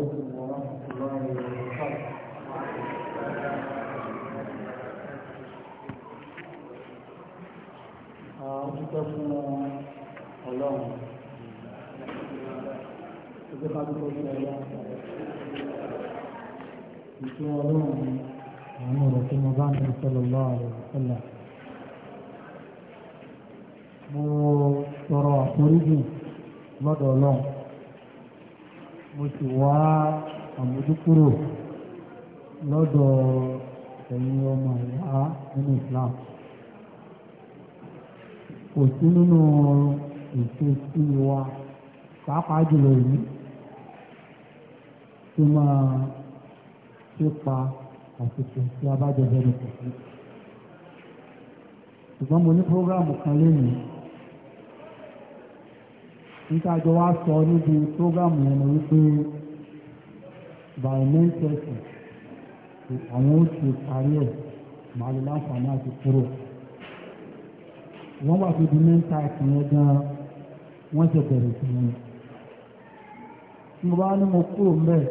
عليكم ورحمة الله وبركاته Ọjọ́ fún ọlọ́run, ọjọ́ bá dúró sí ọlọ́run. Ìtú ọlọ́run ni àwọn ọ̀rọ̀ Mo sọ̀rọ̀ àforíjì lọ́dọ̀ ọlọ́run mo sì wá àmójúkúrò lọ́dọ̀ ẹ̀yin ọmọ ìyá nínú Islam kò sí nínú ìṣesí wa pàápàá jùlọ yìí tó máa ṣípa àsìkò tí a bá jẹ bẹ́ẹ̀ nìkan ṣùgbọ́n mo ní prógráàmù kan lónìí nítajọ wá sọ níbi prógámù ẹni wípé by main person àwọn ó ti parí ẹ̀ màá lè láǹfààní àti kúrò wọ́n wà tó di main type yẹn gan wọ́n ṣe bẹ̀rẹ̀ sí ni mo bá ní mo kúrò ń bẹ̀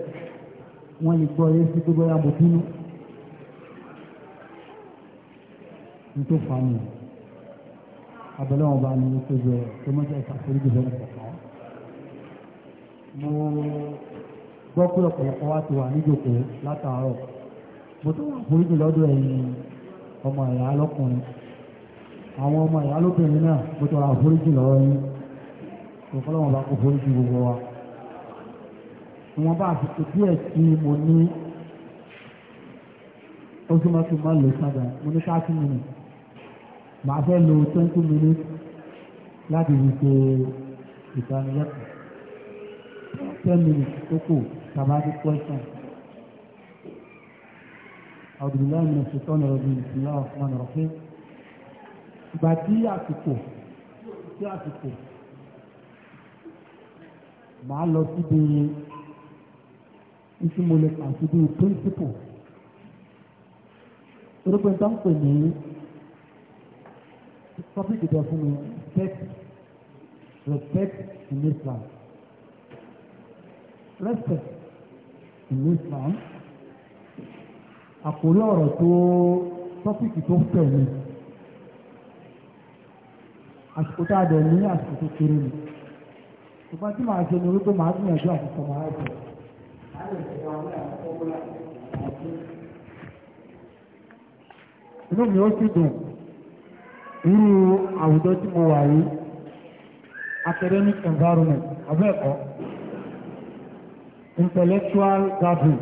wọ́n lè gbọ́ yé sí gbogbo ya bínú ní tó fa mi abẹ́lẹ́ wọn bá ní ní tó jẹ tó mọ́jẹ́ ìfàkórí jù lọ́wọ́ mo gbọ́ pé ọ̀pọ̀lọpọ̀ wa ti wà níjòkó látàárọ̀ mo tó wà foríjì lọ́dọ̀ ẹ̀yin ọmọ ìyá lọ́kùnrin àwọn ọmọ ìyá lóbìnrin náà mo tọrọ àforíjì lọ́wọ́ yín kò fọlọ́wọ́n bá kó foríjì gbogbo wa wọn bá àsìkò díẹ̀ tí mo ní ó súnmọ́ tí lò sábà mo ní thirty minutes màá fẹ́ lo twenty minutes láti fi ṣe ìdánilẹ́kọ̀ọ́ ten minutes tó kù tàbá ní question. abdullahi bin sultan rabi bisimilah rahman rahim ìgbà tí àsìkò tí àsìkò màá lọ síbi ìsí mo lè kàn síbi principle torípé tó pè ní topic ìdọ̀ respect in Islam respect ìlú Islam àkórí ọ̀rọ̀ tó tọ́pìkì tó fẹ̀ ni àsìkò tá a dẹ̀ ní àsìkò tó kéré ni ṣùgbọ́n tí màá ṣe ni wípé màá gbìyànjú àti sọmọ àìsàn. inú mi ó sì dùn irú àwùjọ tí mo wà yìí academic environment abẹ́ẹ̀kọ́ intellectual gathering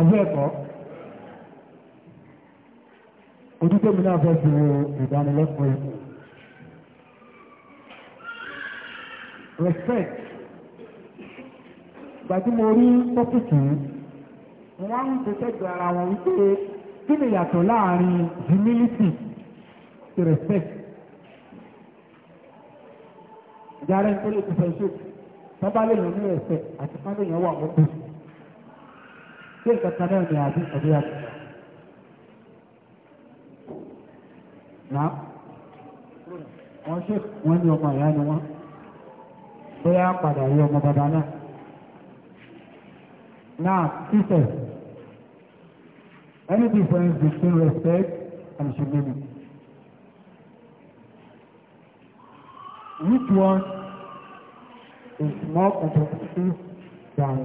àbí ẹ̀kọ́ ojútẹ́mi náà fẹ́ ju ìdánilẹ́kọ̀ọ́ yìí. respect gbàtí mo rí tọ́pìkì wọ́n ń tẹ́tẹ́jọ ara wọn wípé kí ni yàtọ̀ láàrin humility to respect ìjà rẹ̀ ń tó lè ti fẹ́ ṣe tọ́ba lè yàn ní respect àti fáwọn èèyàn wà mọ́tò ṣé ìkẹta náà ni àbí ẹ̀dí àti ìgbà. wọ́n ṣe wọ́n ní ọmọ ìyá ni wọ́n bóyá padà Now, sister, any difference between respect and humility? Which one is more competitive than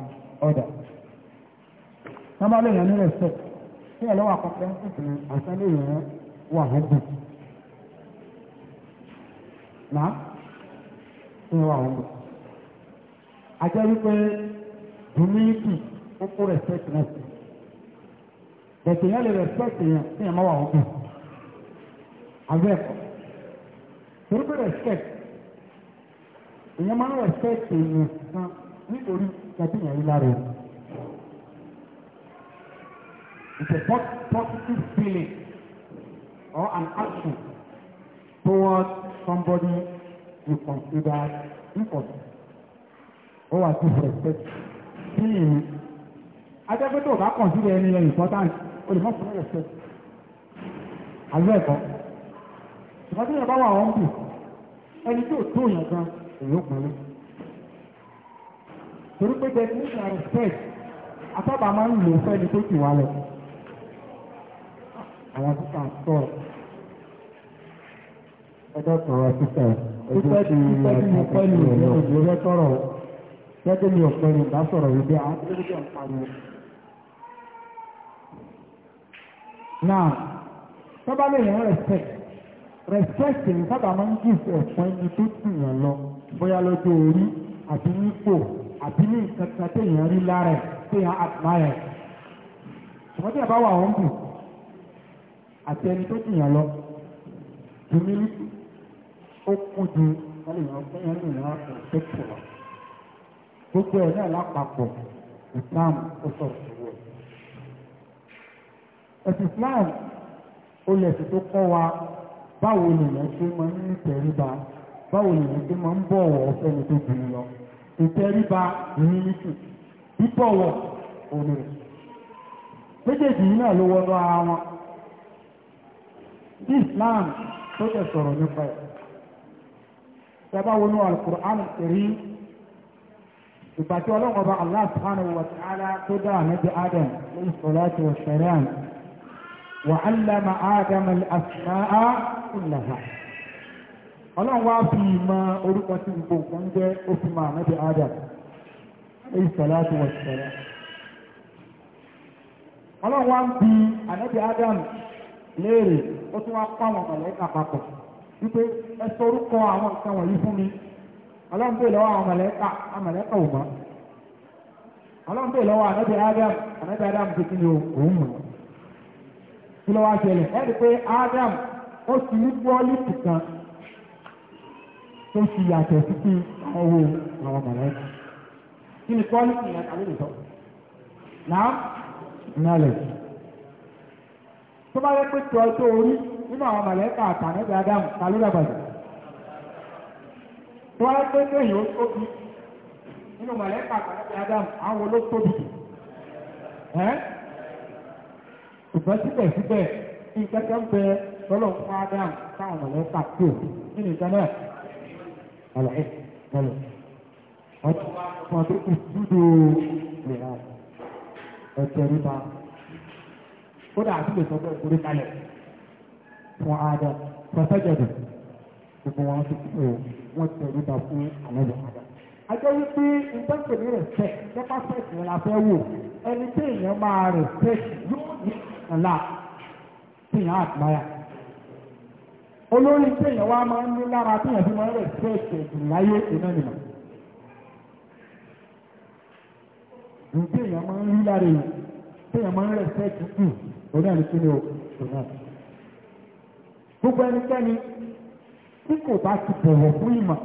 others? wọ́n bá lèèyàn ní respect tí ẹ̀lọ́wọ́ àkọ́kọ́ ẹ̀sìn ọ̀sán lèèyàn wà ọ̀gbọ̀n náà ń wà ọ̀gbọ̀n ajẹ́ wípé humility ó kó respect náà sí bẹ̀tẹ̀ yẹn lè respect yẹn tí ẹ̀ máa wà ọ̀gbọ̀n abẹ́ ẹ̀kọ́ torí pé respect ìyẹn máa ń respect èèyàn kan nítorí kàtí ìyẹn rí lára ẹ̀. It's a positive feeling or an action towards somebody you consider important or as if respect. Feeling Adẹ́gbẹ́ tó bá consider ẹni yẹn important o lè má fún respect. Àlọ́ ẹ̀kọ́. Ṣùgbọ́n yẹn bá wà wọ́n bù ẹni tí ò tó yẹn gan èyí ó pẹ̀lú. Torí pé definition respect, àtọ́bà máa ń lò fẹ́ni tó kì wá lọ. àwọn títà sọ ọjọ́ tọrọ títà ọjọ́ tí mo pẹ́ ní ìlú òjò rẹ tọrọ gẹ́gẹ́ mi ò pẹ́ ní ìbá sọ̀rọ̀ wípé a ti rí ọ̀pá mi. náà tọ́ba lè yàn respect respect èyí sábà máa ń gùn ẹ̀pọ̀ ẹni tó tì yàn lọ bóyá lọ́jọ́ orí àbí nípò àbí ní nǹkan kan téèyàn rí lára ẹ̀ téèyàn admire ẹ̀. ṣùgbọ́n tí ẹ bá wà ó ń bù àti ẹni tó dùn yàn lọ humility ó kún ju wọn lè yàn fún yàn ní ìyàn àpẹẹrẹ lọ gbogbo ẹ̀ náà lápapọ̀ Islam ó sọ̀rọ̀ ìwọ ẹ̀sìn Islam ó lè ṣe tó kọ́ wa báwo lèèyàn ṣe máa ń tẹríba báwo lèèyàn ṣe máa ń bọ̀wọ̀ fẹ́ni tó dùn lọ ìtẹríba humility bíbọ̀wọ̀ òmìnir méjèèjì yìí náà ló wọnú ara wọn. Islam tó tẹ̀ sọ̀rọ̀ nípa ẹ̀ sábà wọnú al-Qur'an al-Karim ìgbà tí ọlọ́run ọba Allah subhanahu wa ta'ala tó dá ànábì Adam lórí sọ̀láàtì wa sharia wa 'allama Adam al-asma'a kullaha ọlọ́run wá fi ìmọ̀ orúkọ tí gbogbo nǹkan jẹ́ ó fi mọ ànábì Adam lórí sọ̀láàtì wa sharia ọlọ́run wá ń bi ànábì Adam léèrè ó tún wá kọ́ àwọn mọ̀lẹ́kà papọ̀ wípé ẹ sorúkọ àwọn nǹkan wọ̀nyí fún mi ọlọ́run lọ́wọ́ àwọn mọ̀lẹ́kà ò mọ́ lọ́wọ́ Adam ànábì Adam ti kí ni òun mọ̀ kí ẹ rí i pé Adam ó ti ní bọ́ọ̀lù kan tó fi yàtọ̀ sí kí ọwọ́ àwọn mọ̀lẹ́kà kí ni àlejò náà nálẹ̀. tó bá yẹ pé tó ẹ tó orí nínú àwọn mọ̀lẹ́kà àtànẹ́bí adáhùn ta ló dàgbà jù tó wáyé pé kéèyàn ó tóbi nínú mọ̀lẹ́kà àtànẹ́bí adáhùn àwọn wo ló tóbi jù ẹ́ ṣùgbọ́n síbẹ̀síbẹ̀ ìkẹ́kẹ́ ń bẹ lọ́lọ́ fún adáhùn táwọn mọ̀lẹ́kà tó nínú ìjọ náà ọ̀lẹ́ ọ̀lẹ́ ọ̀tún ọ̀tún kù dúdú rẹ̀ ọ̀tẹ̀ríba kódà àtúntò sọ pé òkúrú kalẹ̀ fún ada pọ̀sẹ́jọ̀dọ̀ gbogbo wọn ti kú o wọ́n ti tẹ̀lé ta fún àlejò ada. ajọ́ wípé ìtọ́jú mi rẹ̀ fẹ́ nípa fẹ́ẹ̀sì ni la fẹ́ wò ẹni tí èèyàn máa rẹ̀ fẹ́ẹ̀sì yóò ní ọ̀la tí èèyàn àtúmáyà. olórí tí èèyàn wá máa ń ní lára tí èèyàn fi máa ń rẹ̀ fẹ́ẹ̀sì ìdùnláyé iná nìyẹn. ǹjẹ́ èèyàn máa ń rí lára èèyàn tí èèyàn máa ń rẹ̀ fẹ́ẹ̀sì òun náà ní kí ni o òun náà. gbogbo ẹnikẹ́ni tí kò bá ti bọ̀wọ̀ fún ìmọ̀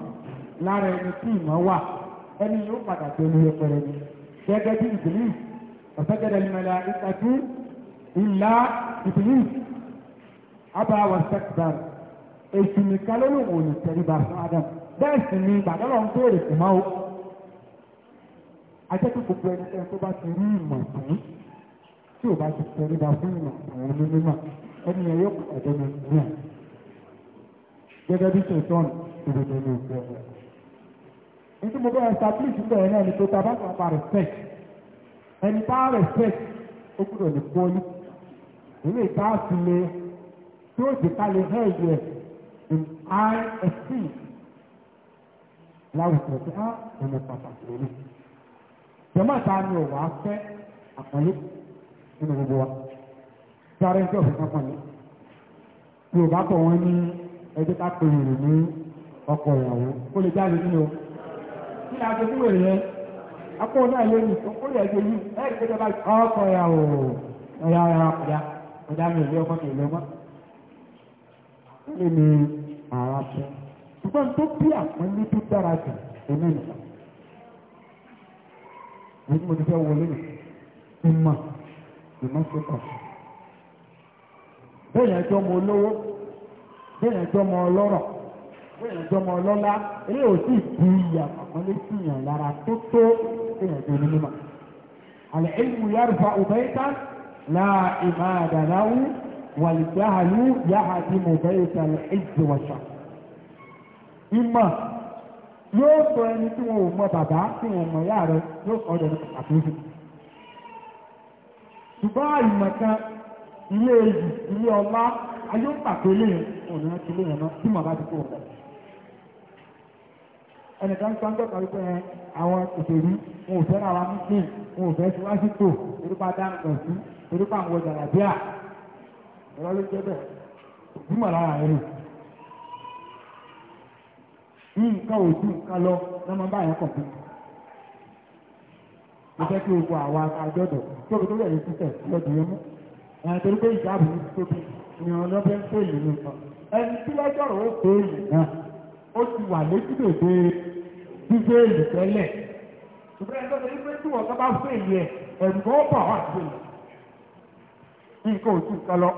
lára ẹni tí ìmọ̀ wà ẹni yóò padà tó ní ẹpẹrẹ ni gẹ́gẹ́ bí ìdílé ọ̀sẹ̀gẹ̀dẹ̀ ìmọ̀lá ìtàjú ìlà ìdílé abáwọ̀ sẹ́kìdàr èsì nìkan ló lòun ò ní fún adam bẹ́ẹ̀ sì ni gbàdọ́rọ̀ ń béèrè fún máa o ajẹ́ pé gbogbo ẹnikẹ́ni tó bá ti rí ìmọ̀ fún tí ò bá ti tẹ̀lé ba fún ìmọ̀ àwọn onímọ̀ ẹni ẹ̀ yóò ẹ̀dọ́ ní ìlú ẹ̀ gẹ́gẹ́ bí ṣètọ́n ìròyìn ní ìlú ẹ̀. Nítorí mo bẹ́ establish ń bẹ̀rẹ̀ náà ni pé tàbá kan pa respect ẹni bá respect ó gbúdọ̀ ní pọ́lí ilé ìta sì le tí ó dìka lè hẹ́ ìyẹ in high esteem láwùjọ tí á ah, ọmọ pàtàkì lónìí. Jọ̀mọ́ ta ni ò wá fẹ́ àpọ́lé nínú gbogbo wa sáré tí òfin kankan lọ yorùbá kọ wọn ní ẹjẹ ká pe èrè ní ọkọ ìyàwó kó lè jáde nínú kí ni àti ìwé yẹn akọ náà yé mi kó lè jẹ yí ẹ ẹ ìgbésẹ̀ báyìí ọkọ ìyàwó ọyà ọyà ọyà ọjà mi ò lé ọkọ mi ò lé ọmọ kí ni mi àrà fún ṣùgbọ́n tó bí àpọ́nlé tó dára jù èmi nìkan mo ti fẹ́ wọlé nìkan ìmọ̀síkọ̀. bẹ́ẹ̀ yẹn jọmọ olówó bẹ́ẹ̀ yẹn jọmọ ọlọ́rọ̀ bẹ́ẹ̀ yẹn jọmọ ọlọ́lá eré ò sì bu ìyà kọ̀ọ̀kan lé sí yàn lára tó tó bẹ́ẹ̀ yẹn jọmọ onímọ̀. àlẹ́ ìlú yàrá òbẹ́ta la ìmọ̀ àdàláwù wàlìjáhàlú yàhàdì mọ̀bẹ́ta ìjọwọ́sà. ìmọ̀ yóò sọ ẹni tí wọn ò mọ bàbá tí wọn ò yára yóò sọ ọdọ ṣùgbọ́n àìmọ̀kan ilé èyí ilé ọlá ayé ń pàtó lè ọ̀nà ti lè yànnà tí màá bá ti kó ọ̀pọ̀. ẹnìkan sọ ń tọ́ka wípé àwọn kòtòrí wọn ò fẹ́ràn àwọn muslim wọn ò fẹ́ sí lásìkò orúkọ adáǹkan sí orúkọ àwọn ọjà làbíà ọ̀rọ̀ ló jẹ́ bẹ́ẹ̀ ògbúmọ̀ lára ẹ̀rù nǹkan ò ju nǹkan lọ lọ́mọ báyẹn kọ̀ọ̀kan mo fẹ́ kí ogun àwa àjọ̀dọ̀ tí omi tó lẹ̀ yìí sísẹ̀ tí yẹn mú ẹ̀ torí pé ní tóbi ni wọn lọ́bẹ̀ ń pè yìí nìkan ẹni tí lọ́jọ́rò ó pè yìí náà ó ti wà létí dòde bíbélì tẹ́lẹ̀ ṣùgbọ́n tó ṣe wípé tí wọ́n bá pè yìí ẹ̀ ẹ̀dùnkọ́ ó bọ̀ wá sí i nǹkan ò tún kọ́ lọ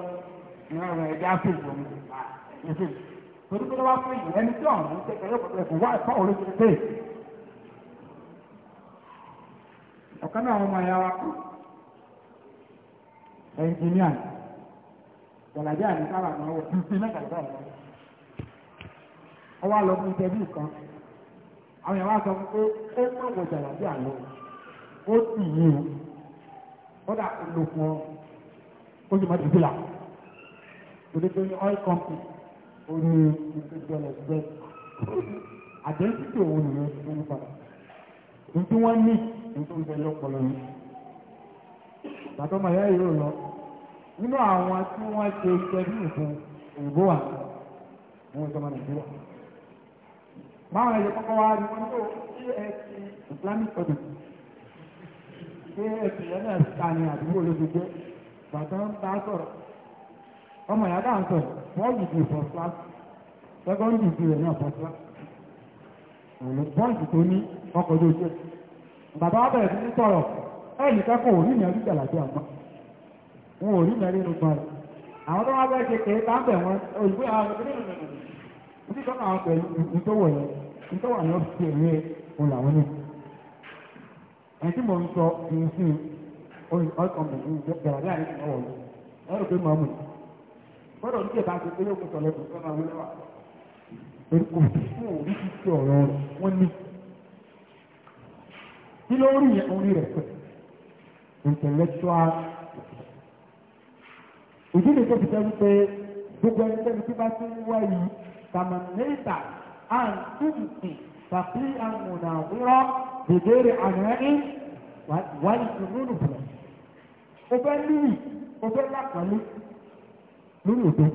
ìran rẹ̀ ẹ̀dá fún ìgbòmù torí pé wọ́n bá ọkana náà ọmọ ẹ̀yà wa kù gbàlàjà ní sábà náà wọ̀ mẹ́tàlá ọwọ́ àlọ́ fún kan àwọn èèyàn wá sọ pé ó má wọ gbàlàjà lọ ó sì yí o ó dà lòkùn ọ ó sì oil company ó ní ìgbésẹ̀ ẹgbẹ́ àdéhùn tó wù ní orúkọ ní. nítorí bẹ́ẹ̀ lọ́pọ̀lọ́ yìí. Bàtọ́ màá yá lọ. Nínú àwọn tí wọ́n ṣe ṣẹ́bí nìkan òyìnbó wà wọ́n sọ ma Nàìjíríà. Báwọn ní Islamic Studies. àdúgbò ń bá Ọmọ ìyá dáhùn bàbá wa bẹ̀rẹ̀ sí e sọ̀rọ̀ ẹnì òrí mẹ́rin rí jàlàjì àgbà wọn ò rí nínú gbọ́n àwọn tó wá bẹ́ẹ̀ ṣe kéré tá wọn òyìnbó àwọn ọmọdé nínú nínú nínú pẹ̀lú ìtọ́wọ̀ yẹn ìtọ́wọ̀ yẹn fi èrè òun làwọn ní. tí mo ń sọ ní kí ló rí yẹn orí rẹ̀ pẹ̀ intellectual ìdí nìkan tó fi jẹ́ wípé gbogbo ẹni tẹ́ni tí bá ti ń wá yìí tàmánẹ́ta àǹtúntì tàbí àmùnà àwúrọ̀ bèbèrè àmọ́ẹ́ wáyé ìrúnù bùrọ̀ o fẹ́ níyì o fẹ́ lápàlẹ́ lórí òdo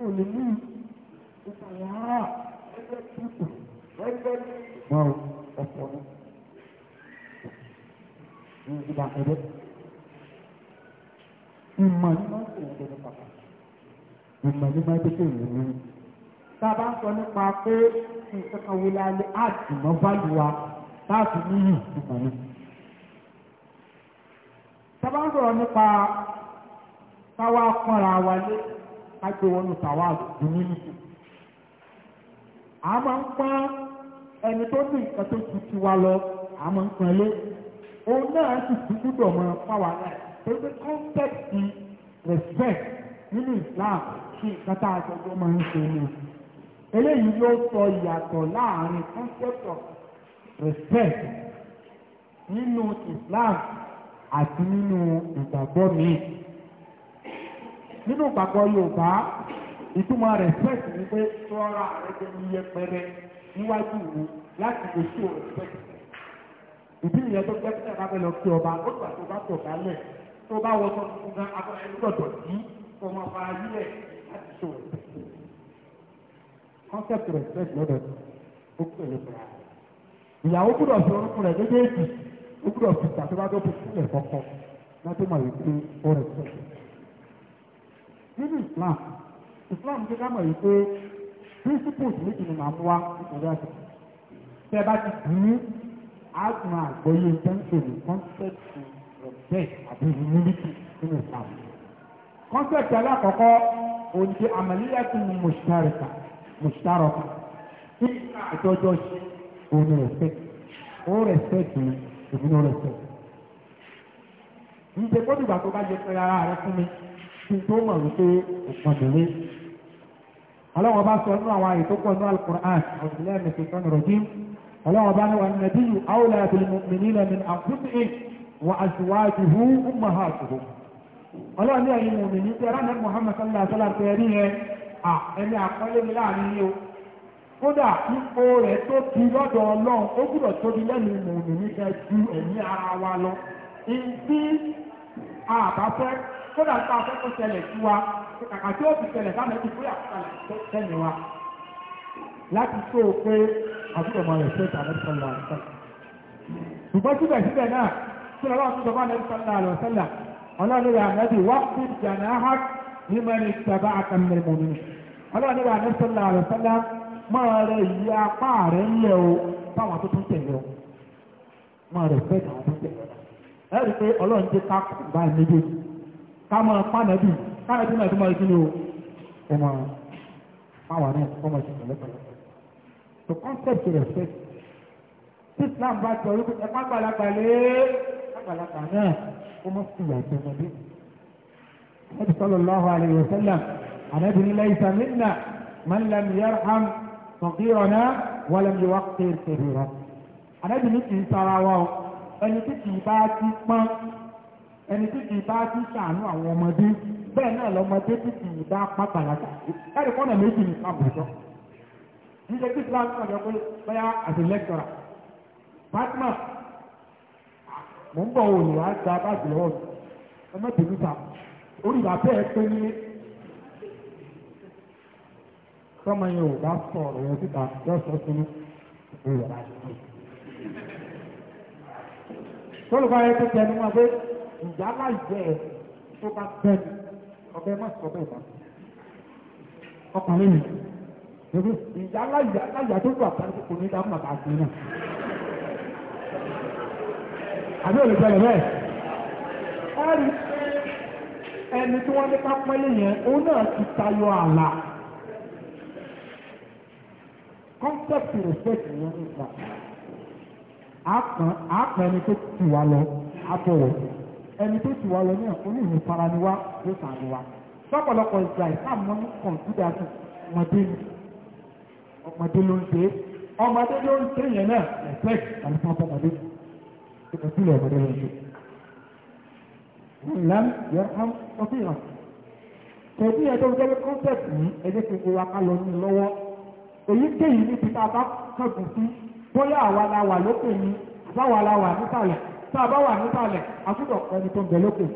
o lè níyì o fà yàrá ẹgbẹ́ tuntun ẹgbẹ́ ní ọ̀pọ̀ náà ìgbà kẹ̀dẹ́. Ìmọ̀ ní máa ń pè é lórí pàpà. Ìmọ̀ ní máa ń pèsè ìlú lórí. Tá a bá ń sọ nípa pé nǹkan kan wo la lè tawa mọ́ báyìí wa láti níyì ni. Tá a bá ń sọ̀rọ̀ nípa káwá kọ́ra máa ń pọ́n ẹni tó ní nǹkan tó ju lọ, a máa ń pọ́n lé. òun náà sì tún gbúdọ̀ mọ fáwa náà pé pé kọ́ńtẹ́ẹ̀tì respect Islam kí nǹkan tá a máa ń ṣe ni sọ ìyàtọ̀ láàrin concept of Islam àti nínú ìgbàgbọ́ mi nínú ìgbàgbọ́ Yorùbá ìtumọ̀ ni pé sọ́ra yẹpẹrẹ níwájú mi láti lè ìdí ìyẹn tó jẹ́ pé ẹ̀ka bẹ́ẹ̀ lọ kí ọba ó gbà tó bá tọ̀ kálẹ̀ tó bá wọ sọ tuntun gan abọ́ ẹni gbọ́dọ̀ yí kó máa fa ayílẹ̀ láti ṣò concept respect lọ́dọ̀ ó kúrò ló fura ìyàwó gbọ́dọ̀ fi orúkún rẹ̀ méjèèjì ó gbọ́dọ̀ fi tàbíwájú fi sílẹ̀ kọ́kọ́ láti mọ̀ wípé ó rẹ̀ sọ̀rọ̀ nínú Islam Islam ti ká mọ̀ wípé principles méjì ni màá mú wá nítorí àgbọn àgbọ̀yé tẹ́ńsìlì kọ́nsẹ́pì rọ̀bẹ́t àbí humility nínú islam. kọ́nsẹ́pì alákọ̀ọ́kọ́ òǹdí àmàlíyàtì ní mùsítárìkà mùsítárọ̀kà kí àjọjọ́ ṣe òun respect ó respect mi èmi ló respect. ǹjẹ́ kódìgbà tó bá jẹ pé ara rẹ fún mi kí n tó mọ̀ wípé òpin bèrè. aláwọ̀ bá sọ nínú àwọn àyè tó pọ̀ nínú alukur'an ọ̀sùn lẹ́yìn mẹ́sàn-án rọ̀jìn ọlọ́wọ́ bá ní wọn nàbí yìí àwòlá àbìlmìnínà mi àkúndì wọ àṣìwájú hu ọmọ ha ṣùgbọ́ ọlọ́wọ́ ní ẹ̀yin mùmí ní pé ránà Muhammad sallallahu alaihi wasallam tẹ̀rí yẹn à ẹni àkọlé mi láàrin yìí o kódà rẹ̀ tó ti lọ́dọ̀ ọlọ́run ó gbúdọ̀ tóbi lẹ́nu mùmí ní kẹ́ ju ẹ̀mí ara wa lọ ìdí àbáfẹ́ kódà tá a fẹ́ kó ṣẹlẹ̀ sí wa kàkà tí ó ti ṣẹlẹ̀ sáà mẹ́tì fúyà àbúrò máa respect àlẹ́sọ̀lá àlọ́sọ̀lá ṣùgbọ́n síbẹ̀síbẹ̀ náà tí ọlọ́run tó bá àlẹ́sọ̀lá àlọ́sọ̀lá ọlọ́run yà nẹ́bí wọ́n ti jàǹdà á ní mẹ́rin tàbá àkànlẹ̀mọ̀ mi ọlọ́run yà àlẹ́sọ̀lá àlọ́sọ̀lá máa rẹ ìyí apá rẹ̀ ń lẹ̀ o táwọn tó tún tẹ̀lé o máa respect àwọn tó tẹ̀lé o ẹ̀rí pé ọlọ́run ti ká bá méjèèjì ká máa pánẹ́bì ká to accept respect tí islam bá tọ orí ẹ pàgbàlagbà lé pàgbàlagbà náà ó mọ sí ìyá ìtọ́ ọmọdé ẹbí sallallahu alaihi wa sallam ànábìrin laysa minna man lam yarham saghirana wa lam yuwaqqir kabirana ànábìrin kì í sara wa o ẹni tí kì í bá ti pọ́n ẹni tí kì í bá ti ṣàánú àwọn ọmọdé bẹ́ẹ̀ náà lọ́mọdé tí kì í bá pàgbàlagbà ẹ̀rí kọ́nà méjì ní nígbà tí islam náà lọ pé bóyá àti lẹ́kítọ̀rà fatima mò ń bọ̀ wò ní wàá gba báàgì lọ́wọ́ mi ẹ má tèmi ta orí bàbá ẹ pé ní tọ́mọ yẹn ò bá sọ̀rọ̀ yẹn síta yọ sọ sínú ìwé yàrá yìí. tọ́lùbá yẹn tó tẹnu wọn pé ìjà láìjẹ ẹ̀ tó bá bẹ́ẹ̀ ni má sọ bẹ́ẹ̀ bá ọkùnrin yìí ìyá láyà láyà tó gbà pàṣẹ kò ní dáhùn àti àṣẹ náà. àbí olùgbàlẹ̀ bẹ́ẹ̀ ẹni ẹni tí wọ́n ní ká pẹ́lẹ́ yẹn òun náà ti tayọ àlà concept respect yẹn ní ìgbà àpọn àpọn ẹni tó tù wá lọ àbọ̀wọ̀ ẹni tó tù wá lọ ní ẹ̀kọ́ ní ìfaraniwá ló sàánú lọ́pọ̀lọpọ̀ ìgbà ìsàmúnú kọ̀ǹtúdà mọ̀dé ni ọmọdé ló ń ṣe ọmọdé ló ń ṣe yẹn náà ẹ̀fẹ́ àlùfáàfọ́ ọmọdé ìpínlẹ̀ ọmọdé ló ń ṣe. ìlànà yẹn á ọdún ìràn tẹ̀bí ẹ̀dọ́ ìjọba concept yìí ẹ̀jẹ̀ kò wá ká lọ ní lọ́wọ́ èyí kéyìí níbi tá a bá kẹ́kùn sí bóyá àwa la wà lókè ni àbáwa la wà nísàlẹ̀ tá a bá wà nísàlẹ̀ àkúdọ̀ ẹni tó ń bẹ lókè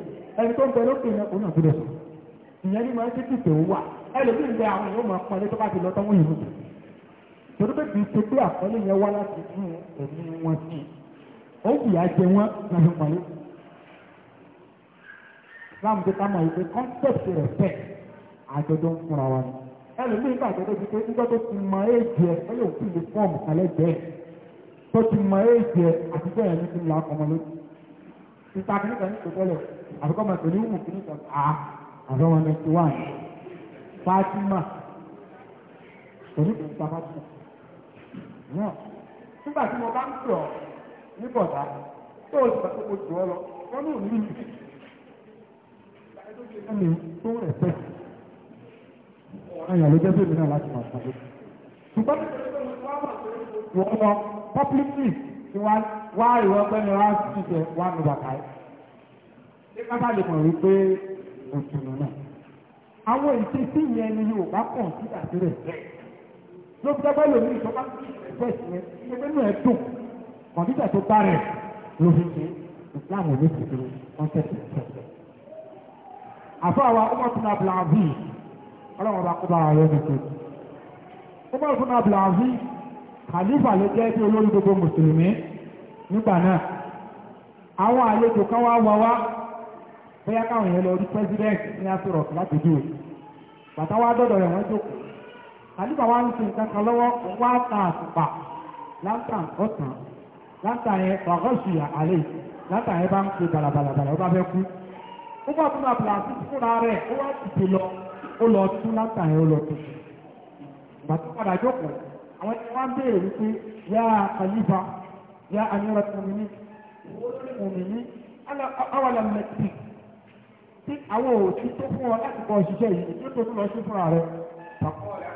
ẹni tó ń bẹ lókè yẹn kò náà gbúdọ̀ lókè torí pé kì í ṣe pé àkọlé yẹn wá láti inú ẹ̀mí wọn sí ó kì í ajẹ wọn láti pàlẹ́. Islam ti ká mọ̀ wípé concept respect àjọ̀dọ̀ ń fúnra wa ni. ẹlòmíì nígbà tó débi pé nígbà tó ti mọ éèjì ẹ ó yóò fi lè fọ́ọ̀mù kalẹ̀ bẹ́ẹ̀ tó ti mọ éèjì ẹ àtijọ́ yẹn ní ti la ọmọ lójú. ìta kìnnìkan ní ìtòkọ́lẹ̀ àfikọ́ máa pẹ̀lú ìwù kìnnìkan à àfọwọ́n náà nígbà tí mo bá ń pè ọ́ ní bọ̀dá tó o sì bá gbogbo jù ọ lọ wọn náà ní ìlú ẹni tó rẹ̀ pẹ́ ọ̀ranyàn ló jẹ́ bí èmi náà láti máa ṣàlẹ́ ṣùgbọ́n wọ́n lọ publicly tí wọ́n wá ìwọ pé ni wọ́n á sì jẹ wọ́n bàtà yìí ṣé kábà lè mọ̀ wípé òtún náà àwọn ìṣesí yẹn ni Yorùbá pọ̀ sí àti bẹ́ẹ̀ ló ń dábàá lòmí ìjọba ìfẹsì yẹn ẹgbẹ́ náà dùn kọ̀m̀pútà tó bá rẹ̀ ló fi ṣe ìsìláàmù ní kùtù kọ́ńtẹ́tì ìfẹsẹ̀. àfọwà ọmọ tún abúlé àbí ọlọ́run ọba kó bá ara rẹ̀ nìkan. ọmọ tún abúlé àbí kàlífà ló jẹ́ bí olórí gbogbo mùsùlùmí nígbà náà. àwọn àlejò kan wá wá wá bóyá káwọn èèyàn lọ rí pẹ́sidẹ́ǹtì ní asọ̀rọ̀ láti dúró. bàtà wá dọ́dọ̀ rẹ̀ wọ́n jókòó àlùbà wa ń sin kankan lọ́wọ́ wá ta àtùpà láńtà ọ̀tàn láńtà yẹn ọ̀gọ́sù àlè láńtà yẹn bá ń pe bàlàbàlàbàlà ó bá fẹ́ kú ó bá tún àbùlà sí fúnra rẹ̀ ó wá tètè lọ ó lọ tún láńtà yẹn ó lọ tún bàtú padà jókòó àwọn ẹni wá ń béèrè wípé yá kàlífà yá amíra tòmìnì tòmìnì awàlà mẹtì tí àwọn òtítọ́ fún ọ láti kọ́ ṣiṣẹ́ yìí tó tó tún lọ sí fúnra rẹ̀ pàkọ́ rẹ̀.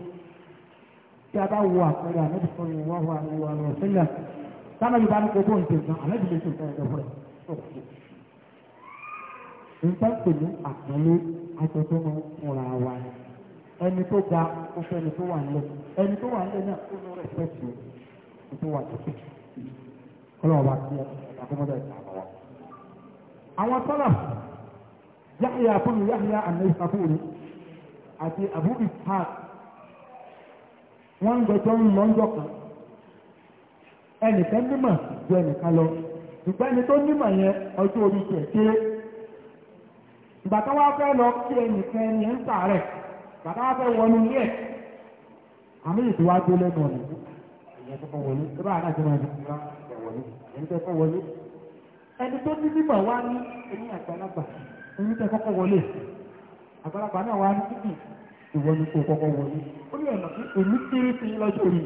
tí a bá wo àpẹẹrẹ ànábì sọ̀rọ̀ ìwọ àwọn àríwá rẹ sílẹ̀ sábà yìí bá ní gbogbo nǹkan ànábì lè tún fẹ́rẹ̀ lọ́wọ́ rẹ̀. nǹkan pẹ̀lú àpẹẹrẹ àjọṣe máa ń múra wa ẹni tó ga ó fẹ́ ẹni tó wà nílẹ̀ ẹni tó wà nílẹ̀ náà ó ní rẹ̀ fẹ́ tù ú tó wà tó ọlọ́wọ́ bá tiẹ̀ àkọ́mọdé ìta àbọ̀wọ́. àwọn sọ́nà yáhìá fún mi yáhìá àmì ìsàkúrú àti àbúrò ìtaàkì wọ́n ń gbẹjọ́ ń lọ kan ẹnìkan nímọ̀ ju ẹnìkan lọ ẹni tó yẹn ọjọ́ orí fẹ́ lọ kí ẹnìkan ẹni ń sàárẹ̀ ìgbà tó wá fẹ́ wọnú ilé àmì ìdíwá lẹ́nu ọ̀nà ẹni tó ní wá ní ẹni ìwọ ni kò kọ́kọ́ wọlé ó ní ọ̀nà tí èmi kéré sí lọ́jọ́ orí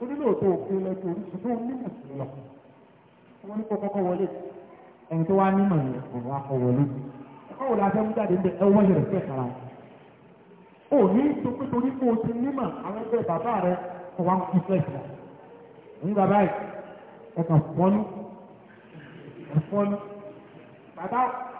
ó ní lóòótọ́ òkú lọ́jọ́ orí ṣùgbọ́n ó ní mùsùlùmí lọ wọ́n ní kò kọ́kọ́ wọlé ẹni tó wá nímọ̀ yẹn kò wá kọ́ wọlé ẹ̀kọ́ wò láti ẹmú jáde ńbẹ ẹwọ́ yẹrẹ fẹ́ kára ó ní torí torí kó o ti nímọ̀ àwọn ẹgbẹ́ bàbá rẹ kò wá kú fẹ́ ìgbà nígbà báyìí ẹ̀kọ́ fọ́nú ẹ̀fọ́nú bàbá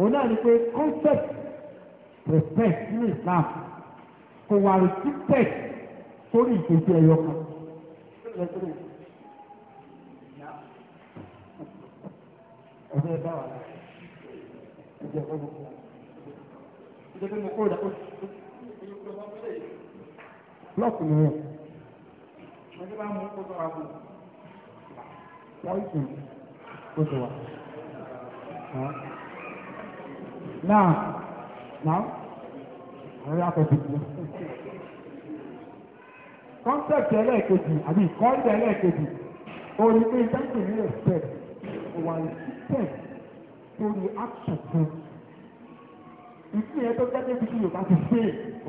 òun náà ni pé concept respect ní Islam kò wà restricted sórí ìgbésí ẹyọ kan. ọ̀sẹ̀ bá wà láti ìjẹ́ ọ̀gbọ́n mọ̀ ìjẹ́ pé mo kó ìdàkó blọọkù ni wọn. ọjọ́ bá mú kó tó wà bù. wọ́n ń sùn kó tó wà. náà náà àwọn yàtọ̀ tuntun concept ẹlẹ́ẹ̀kejì àbí ìkọ́ńtì ẹlẹ́ẹ̀kejì orí pé tẹ́ǹtì ní respect wà ní system lórí action kan ìpín ẹ tó jáde bí Yorùbá ti ṣe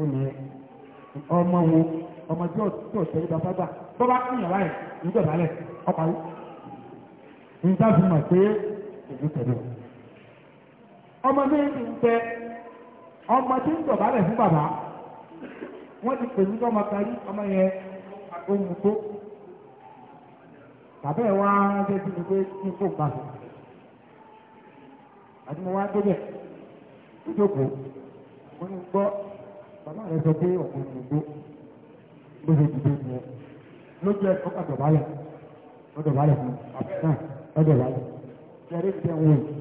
olè ọmọ wo ọmọ tí yóò tẹ̀lé bá sábà tó bá kí yàrá ẹ̀ nígbà balẹ̀ ọkọ̀ ayé nígbà fi mọ̀ pé èyí tẹ̀lé o. ọmọ méjì ń bẹ ọmọ tí ń dọ̀bálẹ̀ fún bàbá wọ́n ti pèlú ọmọ kárí ọmọ yẹn ohun tó bàbá ẹ̀ wá ránṣẹ́ sí mi pé kí kó gbà fún àti mo wá débẹ̀ níjókòó mo ní gbọ́ bàbá rẹ̀ sọ pé ọ̀hún ohun ló ṣe dìde nìyẹn ló jẹ́ ọkọ̀ dọ̀bálẹ̀ ọdọ̀bálẹ̀ fún bàbá náà ọdọ̀bálẹ̀ kẹrí ìtẹ̀wọ̀n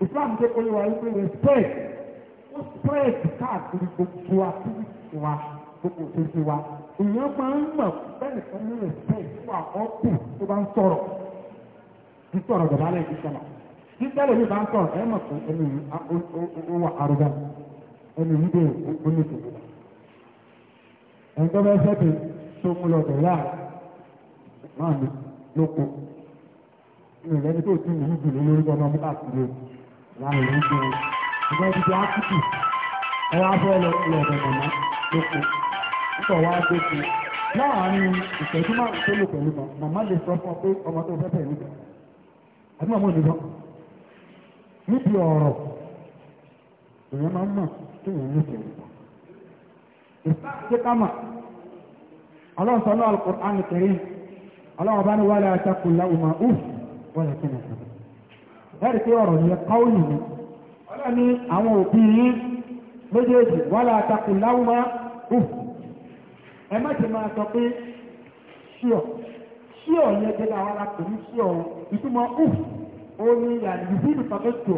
Islam jẹ́ kó yẹ wá wípé wọ́n spread wọ́n spread káàkiri gbogbo activity wa gbogbo òṣèṣe wa. Ìyẹn máa ń mọ̀ bẹ́ẹ̀ kan ní respect fún àwọn kù tó bá ń sọ̀rọ̀ ń sọ̀rọ̀ bàbá lẹ́yìn ìṣẹ̀lẹ̀. Tí tẹ́lẹ̀ mi bá ń sọ̀rọ̀ ẹ mọ̀ pé ẹni yìí wà arúgbó ẹni yìí dé ó ní ìṣòro. Ẹni tó bá ṣẹ́ ti tó mú lọ bẹ̀rẹ̀ àrùn náà ló kó. Ìrìnlẹ́ni tó ti nìyí jù lórí ọmọ mú káàkiri. láwọn ìlú wọn ṣùgbọ́n ibi tí a kú kù ẹ wá bọ́ lọ lọ ọ̀dọ̀ màmá ló kù nítorí wá gbé kú láàárín ìtọ́jú máa tó lò pẹ̀lú mọ̀ màmá lè sọ fún ọ pé ọmọ tó fẹ́ pẹ̀lú kan àbí màmá òní lọ níbi ọ̀rọ̀ èèyàn ẹ̀rì pé ọ̀rọ̀ yẹn káwọ́lì ni ọlọ́ ni àwọn òbí yín méjèèjì wọ́n la takò láwùmá òf ẹ má ti máa sọ pé ṣíọ̀ ṣíọ̀ yẹn gẹ́gẹ́ àwọn alákò ní ṣíọ̀ ìtumọ̀ òf ó ní yàrá ìfúnni pàtó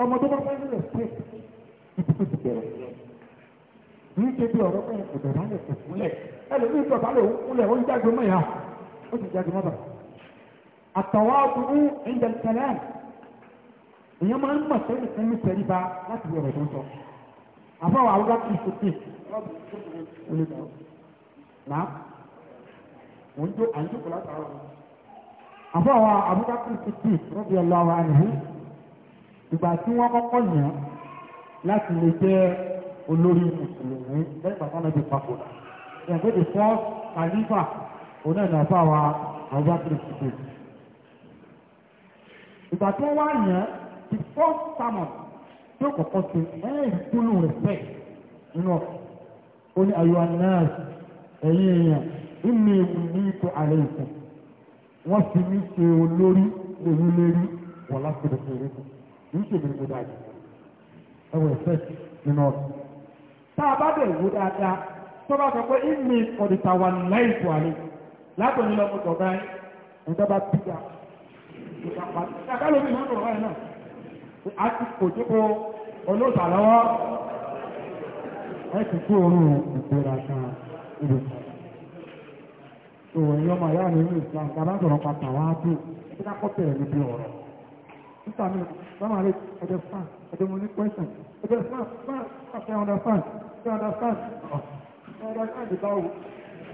ọmọ tó bá fẹ́ nílẹ̀ pé ní ṣe bí ọ̀rọ̀ pé kò dọ̀bá lè kò kúnlẹ̀ ẹlòmíì dọ̀bá lè kúnlẹ̀ ó ń jáde mọ́ ìhà ó sì jáde mọ́bà àtọ̀wá ọkùnrin ìjẹ̀lẹ̀tẹ̀lẹ̀ èèyàn máa ń mọ̀ sẹ́yìn kan ní tẹríba láti wọ ọ̀rọ̀ tó ń sọ àbáwọ̀ àwùjọ kì í sókè náà wọ́n jó àyíkò látàrọ̀ àbáwọ̀ àwùjọ kì í sókè rọ́bì ọlọ́wọ́ àyẹ̀wò ìgbà tí wọ́n kọ́kọ́ yàn láti lè jẹ́ olórí mùsùlùmí lẹ́yìn bàbá náà ti papò náà. ẹ̀gbẹ́ the first khalifa òun náà nàá fáwa ọba kìrìsìtì. ìgbà tó wá yẹn the first sermon tó kọ̀kọ́ ṣe ẹ̀yìn ìkúlù respect nínú ọ̀sẹ̀. ó ní ayọ̀ anáàsì ẹ̀yìn èèyàn ìmì ìwùdí ikú àlẹ́ ìkù wọ́n ti ní ṣe olórí lèmi lérí wọ́n lásìkò fèrè kù kì í ṣèbèrè kó dáa jù. ẹwọ̀n effect nínú ọ̀rọ̀ tá a bá bẹ̀ wò dáadáa tó bá sọ pé ìmì ọ̀dìtà wà láìpọ̀ àlè látọ̀ nílọ mo tọ̀ báyìí ẹ̀dá bá píjà àkálòmí ìhàn ọ̀rọ̀ ẹ̀ náà a ti kò jókòó olóòtà lọ́wọ́ ẹ ti kú orun ìgbéra kan ibò òwò ẹ̀yọ́ màá yára nínú ìsìlámù sọ̀rọ̀ sísá mi sọ́mà rẹ̀ ẹ̀dẹ̀ fan ẹ̀dẹ̀ mo ní pẹ́sàn ẹ̀dẹ̀ fan fan ṣe ọ̀dà fan ṣe ọ̀dà fan ọ̀dà fan ti báwo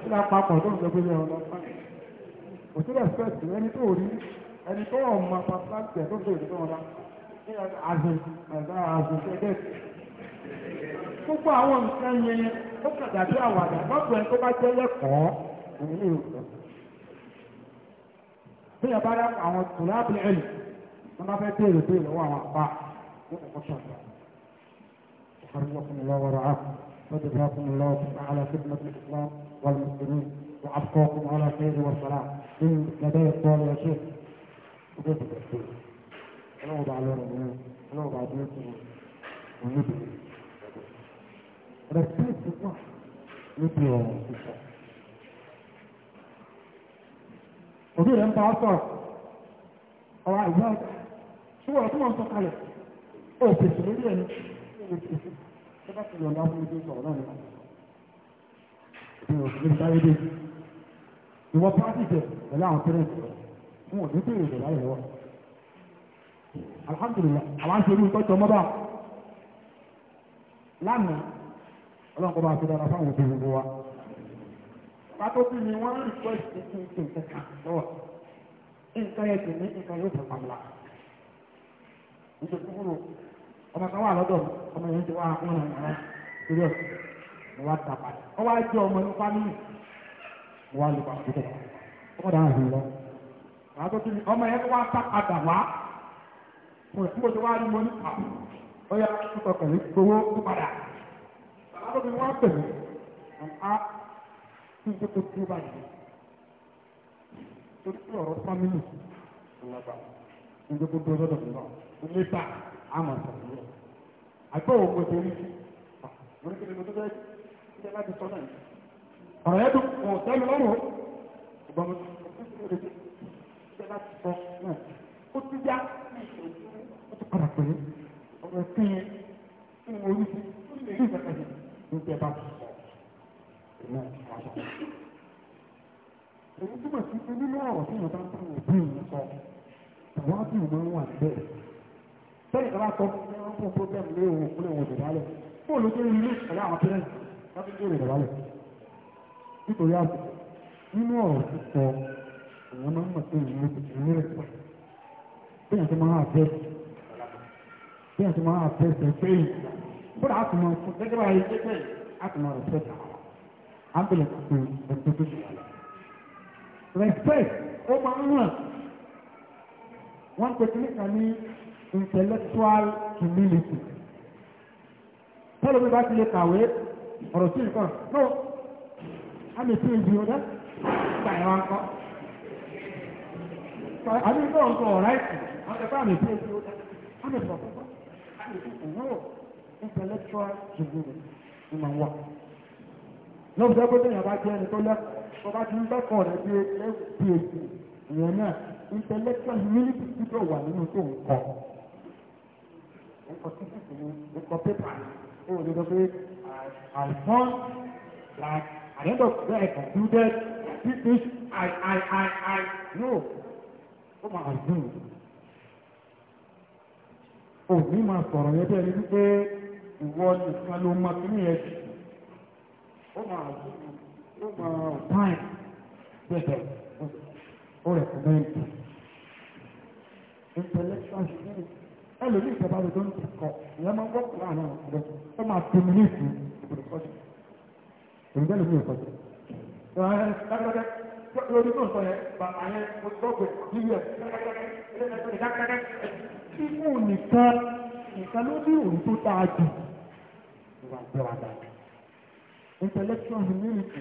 kí la papọ̀ tó ń sọ pé ọ̀dà fan kò sí respect ẹni tó rí ẹni tó wọ̀ ọmọ pàṣẹ tẹ̀ tó fèrè tó ọ̀dà ní àzùn ẹ̀dá àzùn ẹ̀dẹ̀ gbogbo àwọn nǹkan yẹn ó kàdà bí àwàdà lọ́gbọ̀n tó bá jẹ́ lẹ́kọ̀ọ́ ìrìn ìrìn bí ẹ bá dá àwọn tùlábìlì wọn bá fẹ́ béèrè béèrè lọ́wọ́ àwọn àpá wọn kò kọ́ṣọ́ àgbà. حفظكم الله ورعاكم وجزاكم الله على خدمة الإسلام والمسلمين وأبقاكم على خير والسلام من لدي الطالب يا شيخ وجزاكم الله نوضع على رمضان نوضع بيوتنا وندعي ركزت في الله ندعي ونسوشا وفي الانت عصر أو عزاك súwà tó wọ́n sọ kalẹ̀ ó pèsè lórí ẹni tó bá ti lọ láwọn ojú sọ̀rọ̀ náà nípa ìròyìn sáré dé ìwọ pàtì jẹ pẹ̀lú àwọn pẹrẹntì wọn ò ní bèrè ìjọ láyé lọ́wọ́ alhamdulilah àwọn aṣọ orí ìtọ́jú ọmọ bá lánàá ọlọ́run bá aṣọ dára fáwọn òbí gbogbo wa pátó ni wọ́n ń rìkọ́ ìṣẹ́jú ìṣẹ́ ìṣẹ́ kan lọ́wọ́ nǹkan yẹn ìṣe ọmọ kan wà lọ́dọ̀ ọmọ yẹn ti wá wọn nà yàrá torí ẹ̀ mo wá ta padà ọ wá jẹ́ ọmọ ní fámìlì mo wá lè pa àkókò ọmọ dáhùn ìlú lọ àwọn tó ti ọmọ yẹn wá ta padà wá mo rẹ̀ kúkúrú tó wá rí mo ní pa ó yà kúkọ̀ pẹ̀lú gbowó tó padà bàbá tó ti wá pẹ̀lú à ń tó tó tó báyìí torí pé ọ̀rọ̀ fámìlì ló lágbàá nítorí kó dúró lọ́dọ̀ mìíràn nípa àmọ̀ ìṣàkóso àgbẹ̀ òun kò torí mo ní kí ni mo tó fẹ́ láti sọ náà ọ̀rọ̀ yẹn tó kọ̀ sẹ́mi lọ́rùn ìgbà mo ti ṣe láti sọ náà ó ti já ó ti padà pè é ọ̀rọ̀ kí ni kí ni mo rí sí kí ni èyí ìgbà kan yìí ní bí èyí túmọ̀ sí pé nínú ọ̀rọ̀ tí mo bá ń bá òbí mi sọ tàwádù máa ń wà bẹ́ẹ̀ bẹ́ẹ̀ ìjọba sọ fún un problem òun fún ìwọ̀n ìdàbálẹ̀ fún olùkọ́ ilé ìpẹ̀lẹ́ àwọn pẹ́rẹ́ǹtì láti gbé ìdàbálẹ̀ nítorí àbùkù nínú ọ̀rọ̀ sísọ èèyàn máa ń mọ̀ pé ìlú ìlú rẹ̀ pẹ̀ bẹ́ẹ̀ tó máa bẹ́ bẹ́ẹ̀ tó máa bẹ́ sẹ́ pé bọ́dà á fún gẹ́gẹ́ bá wọ́n pè kí ní intellectual humility tẹ́lẹ̀ mi bá ti lè kàwé ọ̀rọ̀ sí nǹkan no àmì sí ìdí ọ̀dá gbà ẹ̀ wá ń kọ́ àmì ìgbà ọ̀sán ọ̀rá ìsì wọ́n tẹ́ fún àmì sí ìdí ọ̀dá àmì ìfọ̀ fún fún àmì ìfọ̀ intellectual humility ni màá wà lọ́wọ́ sẹ́kọ̀ọ́ tẹ̀yìn àbájẹ́ ẹni tó lẹ́kọ̀ọ́ bá ti ń bẹ́kọ̀ọ́ rẹ̀ bí ẹgbẹ́ ìyẹn náà intellectual humility gbúdọ̀ wà nínú tó ń kọ́ nǹkan títí kìíní nǹkan pépà ó lè lọ pé I found that I end up where I concluded this is I I I I no ó máa dùn òní máa sọ̀rọ̀ yẹn bẹ́ẹ̀ ni wípé ìwọ nìkan ló máa kí ní ẹ̀sìn ó máa dùn ó máa dùn bẹ́ẹ̀ bẹ́ẹ̀ ó rẹ̀ kọ́ mẹ́rin intellectual spirit ẹlòmíì ìjọba ló ń kọ ìyẹn máa ń gbọ́ kúrò àwọn ọ̀dọ́ ó máa dominate ìbùdókọ́sì ìgbẹ́ lómi ìkọ́sì. lórí tó ń sọ yẹn bàbá yẹn mo gbọ́ pé níbi ẹ̀ kíkún nìkan nìkan ló ní òun tó dáa jù ìwà ìgbẹ́wàdà intellectual humility.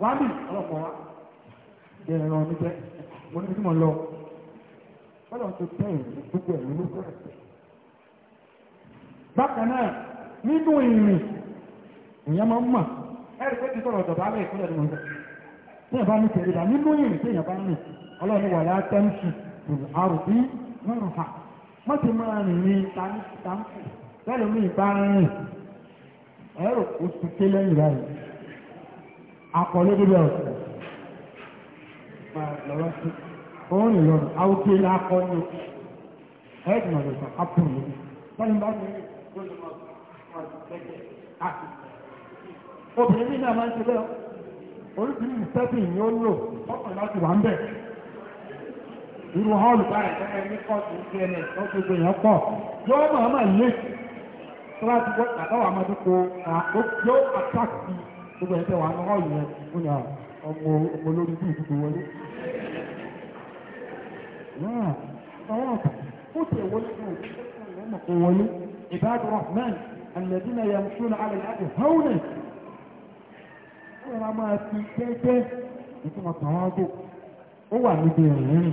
wá bì ọlọ́pàá wa bẹ̀rẹ̀ ràn mí jẹ́ mo ní bí mo lọ fọlọ́ ti tẹ̀ gbogbo ẹ̀mí ló fẹ́ bákan náà nínú ìrìn ìyẹn máa ń mọ̀ ẹ̀rí pé ti sọ̀rọ̀ ọ̀dọ̀bá bẹ́ẹ̀ kúlẹ̀ ní mo sọ tí èèyàn bá ní tẹ̀lé dà nínú ìrìn tí èèyàn bá ní ọlọ́run wà láà tẹ́ǹsì ìlú àrùbí nínú ha wọ́n ti máa rìn ní tàǹkù bẹ́ẹ̀ lómi ìbá rìn ẹ̀rọ oṣù kélẹ́yìn báyìí akọ̀lé bíbẹ̀ ọ̀sẹ̀ lọ́wọ́ sí òun ìlọrin àwùjọ ilé akọ ní ẹ̀ẹ́dùn ọ̀dọ̀ sọ apò ní sẹ́yìn bá ní obìnrin ní náà máa ń ṣe bẹ́ẹ̀ oríṣiríṣi sẹ́fìn ni ó lò ọkùnrin láti wà ń bẹ̀ irú họ́ọ̀lù báyìí tẹ́lẹ̀ ní kọ́ọ̀tù ní ẹ̀ẹ́dẹ̀ tó gbogbo èèyàn pọ̀ yóò máa máa lé tó bá ti gbọ́ àtọ́wà máa yóò àtàkì gbogbo ẹ̀tẹ́ wà náà yẹn ó ní ọmọ olórí bí ìdúgbò wọlé. ọwọ́ ọ̀tà ó ti wọlé fún ọmọ kò wọlé ìbáàdù rahman alẹ́dínà yẹn fún ní alẹ́ láti hàwùnẹ̀. ó yẹra máa fi jẹ́jẹ́ ìtumọ̀ tàwádù ó wà níbi ìrìn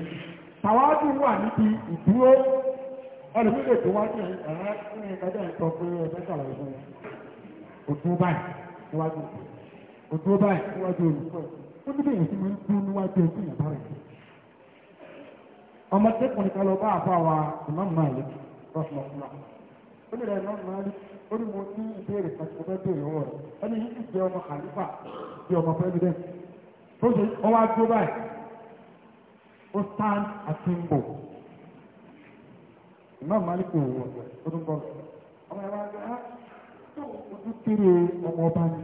tàwádù wà níbi ìdúró ẹlòmílẹ̀ tó wá ní ẹ̀rọ ẹ̀rọ ẹ̀ka jẹ́ ìtọ́ pé ẹ̀fẹ́ sàlàyé fún un òtún báyìí níwájú ìpè òdúró báyìí níwájú olùkọ́ ó ní bẹ́ẹ̀ sí máa ń dún níwájú ẹgbẹ́ ìyàbá rẹ̀ ọmọdékùnrin kan lọ bá àbá wa ìmáàmù Málíkì rọ́ọ̀mọ́kúnlá ó ní rẹ̀ ìmáàmù Málíkì ó ní mo ní ìbéèrè kan tí mo fẹ́ béèrè wọn rẹ̀ ẹni yìí ti jẹ́ ọmọ kàlífà bí ọmọ president tó ṣe ọwọ́ àdúró báyìí ó stand àti ń bò ìmáàmù Málíkì òwò ọ̀gbẹ̀ ó tún bọ̀ ọmọ ẹ̀ bá ń gbé ojú kiri ọmọ ọba ni.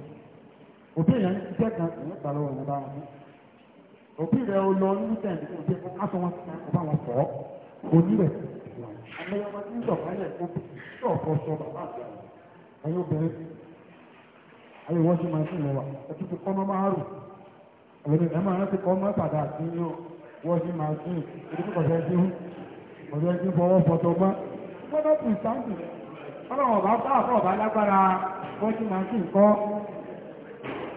òbí rẹ̀ iṣẹ́ kan ìyẹn gbà lọ́wọ́ ìyẹn bá wọn mú òbí rẹ̀ ó lọ ní wíkẹ́ǹd kí wọn wọn fọ́ ọmọ tí ń sọ bàbá àgbà ayé sì ti kọ́ máa rántí kọ́ mọ́ padà sí sì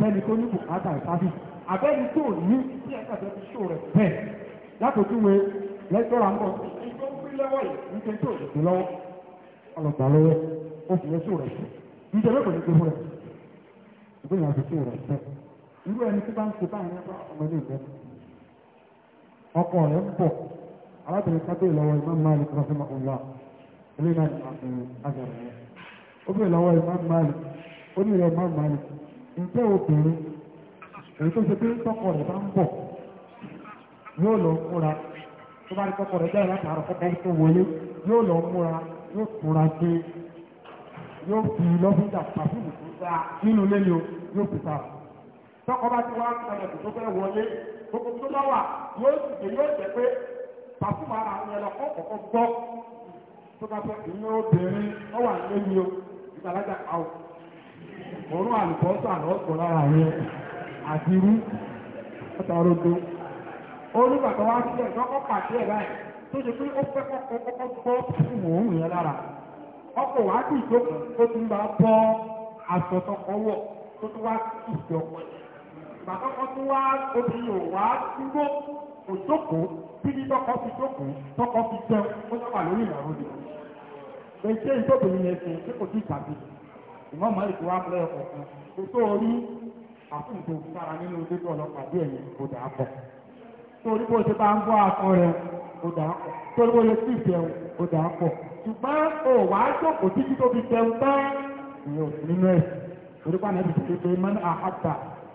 fẹ́ni tó ní bùkátà ìsáfì àbẹ́ni tó ní sí ẹ̀ka tó ti ṣó rẹ̀ bẹ́ẹ̀ látòjúwe lẹ́jọ́ra mọ́ ìjọ ń pín lọ́wọ́ yìí nítorí tó ìdè lọ́wọ́ ọlọ́gbà lọ́wọ́ ó fi yẹ ṣó rẹ̀ sí ìjọba kò ní gbé fún rẹ̀ ìgbéyàwó ti ṣó rẹ̀ bẹ́ẹ̀ irú ẹni tí bá ń ṣe báyìí nípa ọmọ ilé ìgbẹ́ ọkọ rẹ̀ ń bọ̀ arábìnrin ká bèèrè lọ́wọ́ Imam Malik rahimahullah ilé náà ni àgbẹ̀rẹ̀ ó bèèrè lọ́wọ́ Imam Malik ó ní ìrẹ̀ Imam Malik nǹkan obìnrin èyí tó ṣe pé tọkọ rẹ̀ bá ń bọ̀ yóò lọ múra tó bá rí tọkọ rẹ̀ jáde láti àárọ̀ tó wọlé yóò lọ múra yóò múra sí yóò fi lọ́fíńdà pàfíìmù tó dá nínú ilé ni yóò fi ta tọkọ bá ti wá ń tẹ̀lé tó fẹ́ wọlé gbogbo tó bá wà yóò sì ṣe yóò jẹ pé pàfíìmù ara àwọn ẹlọ kọ́kọ́ gbọ́ tó bá fẹ́ ìyẹn obìnrin ọwà lẹ́yìn o ìgbàlájà àwọn. òórùn àlùkọ́sà lọ́pọ̀ lára rẹ̀ àti irú ọ̀tàrógó olùgbàtọ̀ wá sí lọ́kọ́ pàṣẹ ẹ̀ báyìí tó ṣe pé ó fẹ́ kọ́kọ́ gbọ́ fún yẹn lára ọkọ̀ wá sí ìjókòó tó bá bọ́ wọ̀ tó tún wá sí ìjọpọ̀ ìgbàtọ́kọ́ wá obìnrin ò wá dúró tọkọ fi jókòó tọkọ fi jẹun ó sábà lórí ìmọ̀ mọ́lìkì wá fún lẹ́yìn kọ̀ọ̀kan kò tó orí àfúntò sára nínú dédé ọlọ́pàá bí ẹ̀yìn kò dà á pọ̀ torí bó ṣe bá ń bọ́ akọ rẹ̀ kò dà á pọ̀ torí bó ṣe sí ìjẹun kò dà á pọ̀ ṣùgbọ́n o wà á jókòó títí tó fi jẹun tán ìyẹn ò sí nínú ẹ̀ torí pàdé ti ṣe pé mọ́n àhàbà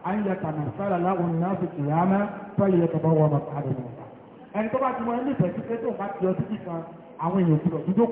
àyẹ̀kà náà sára láwọn ènìyàn fi kì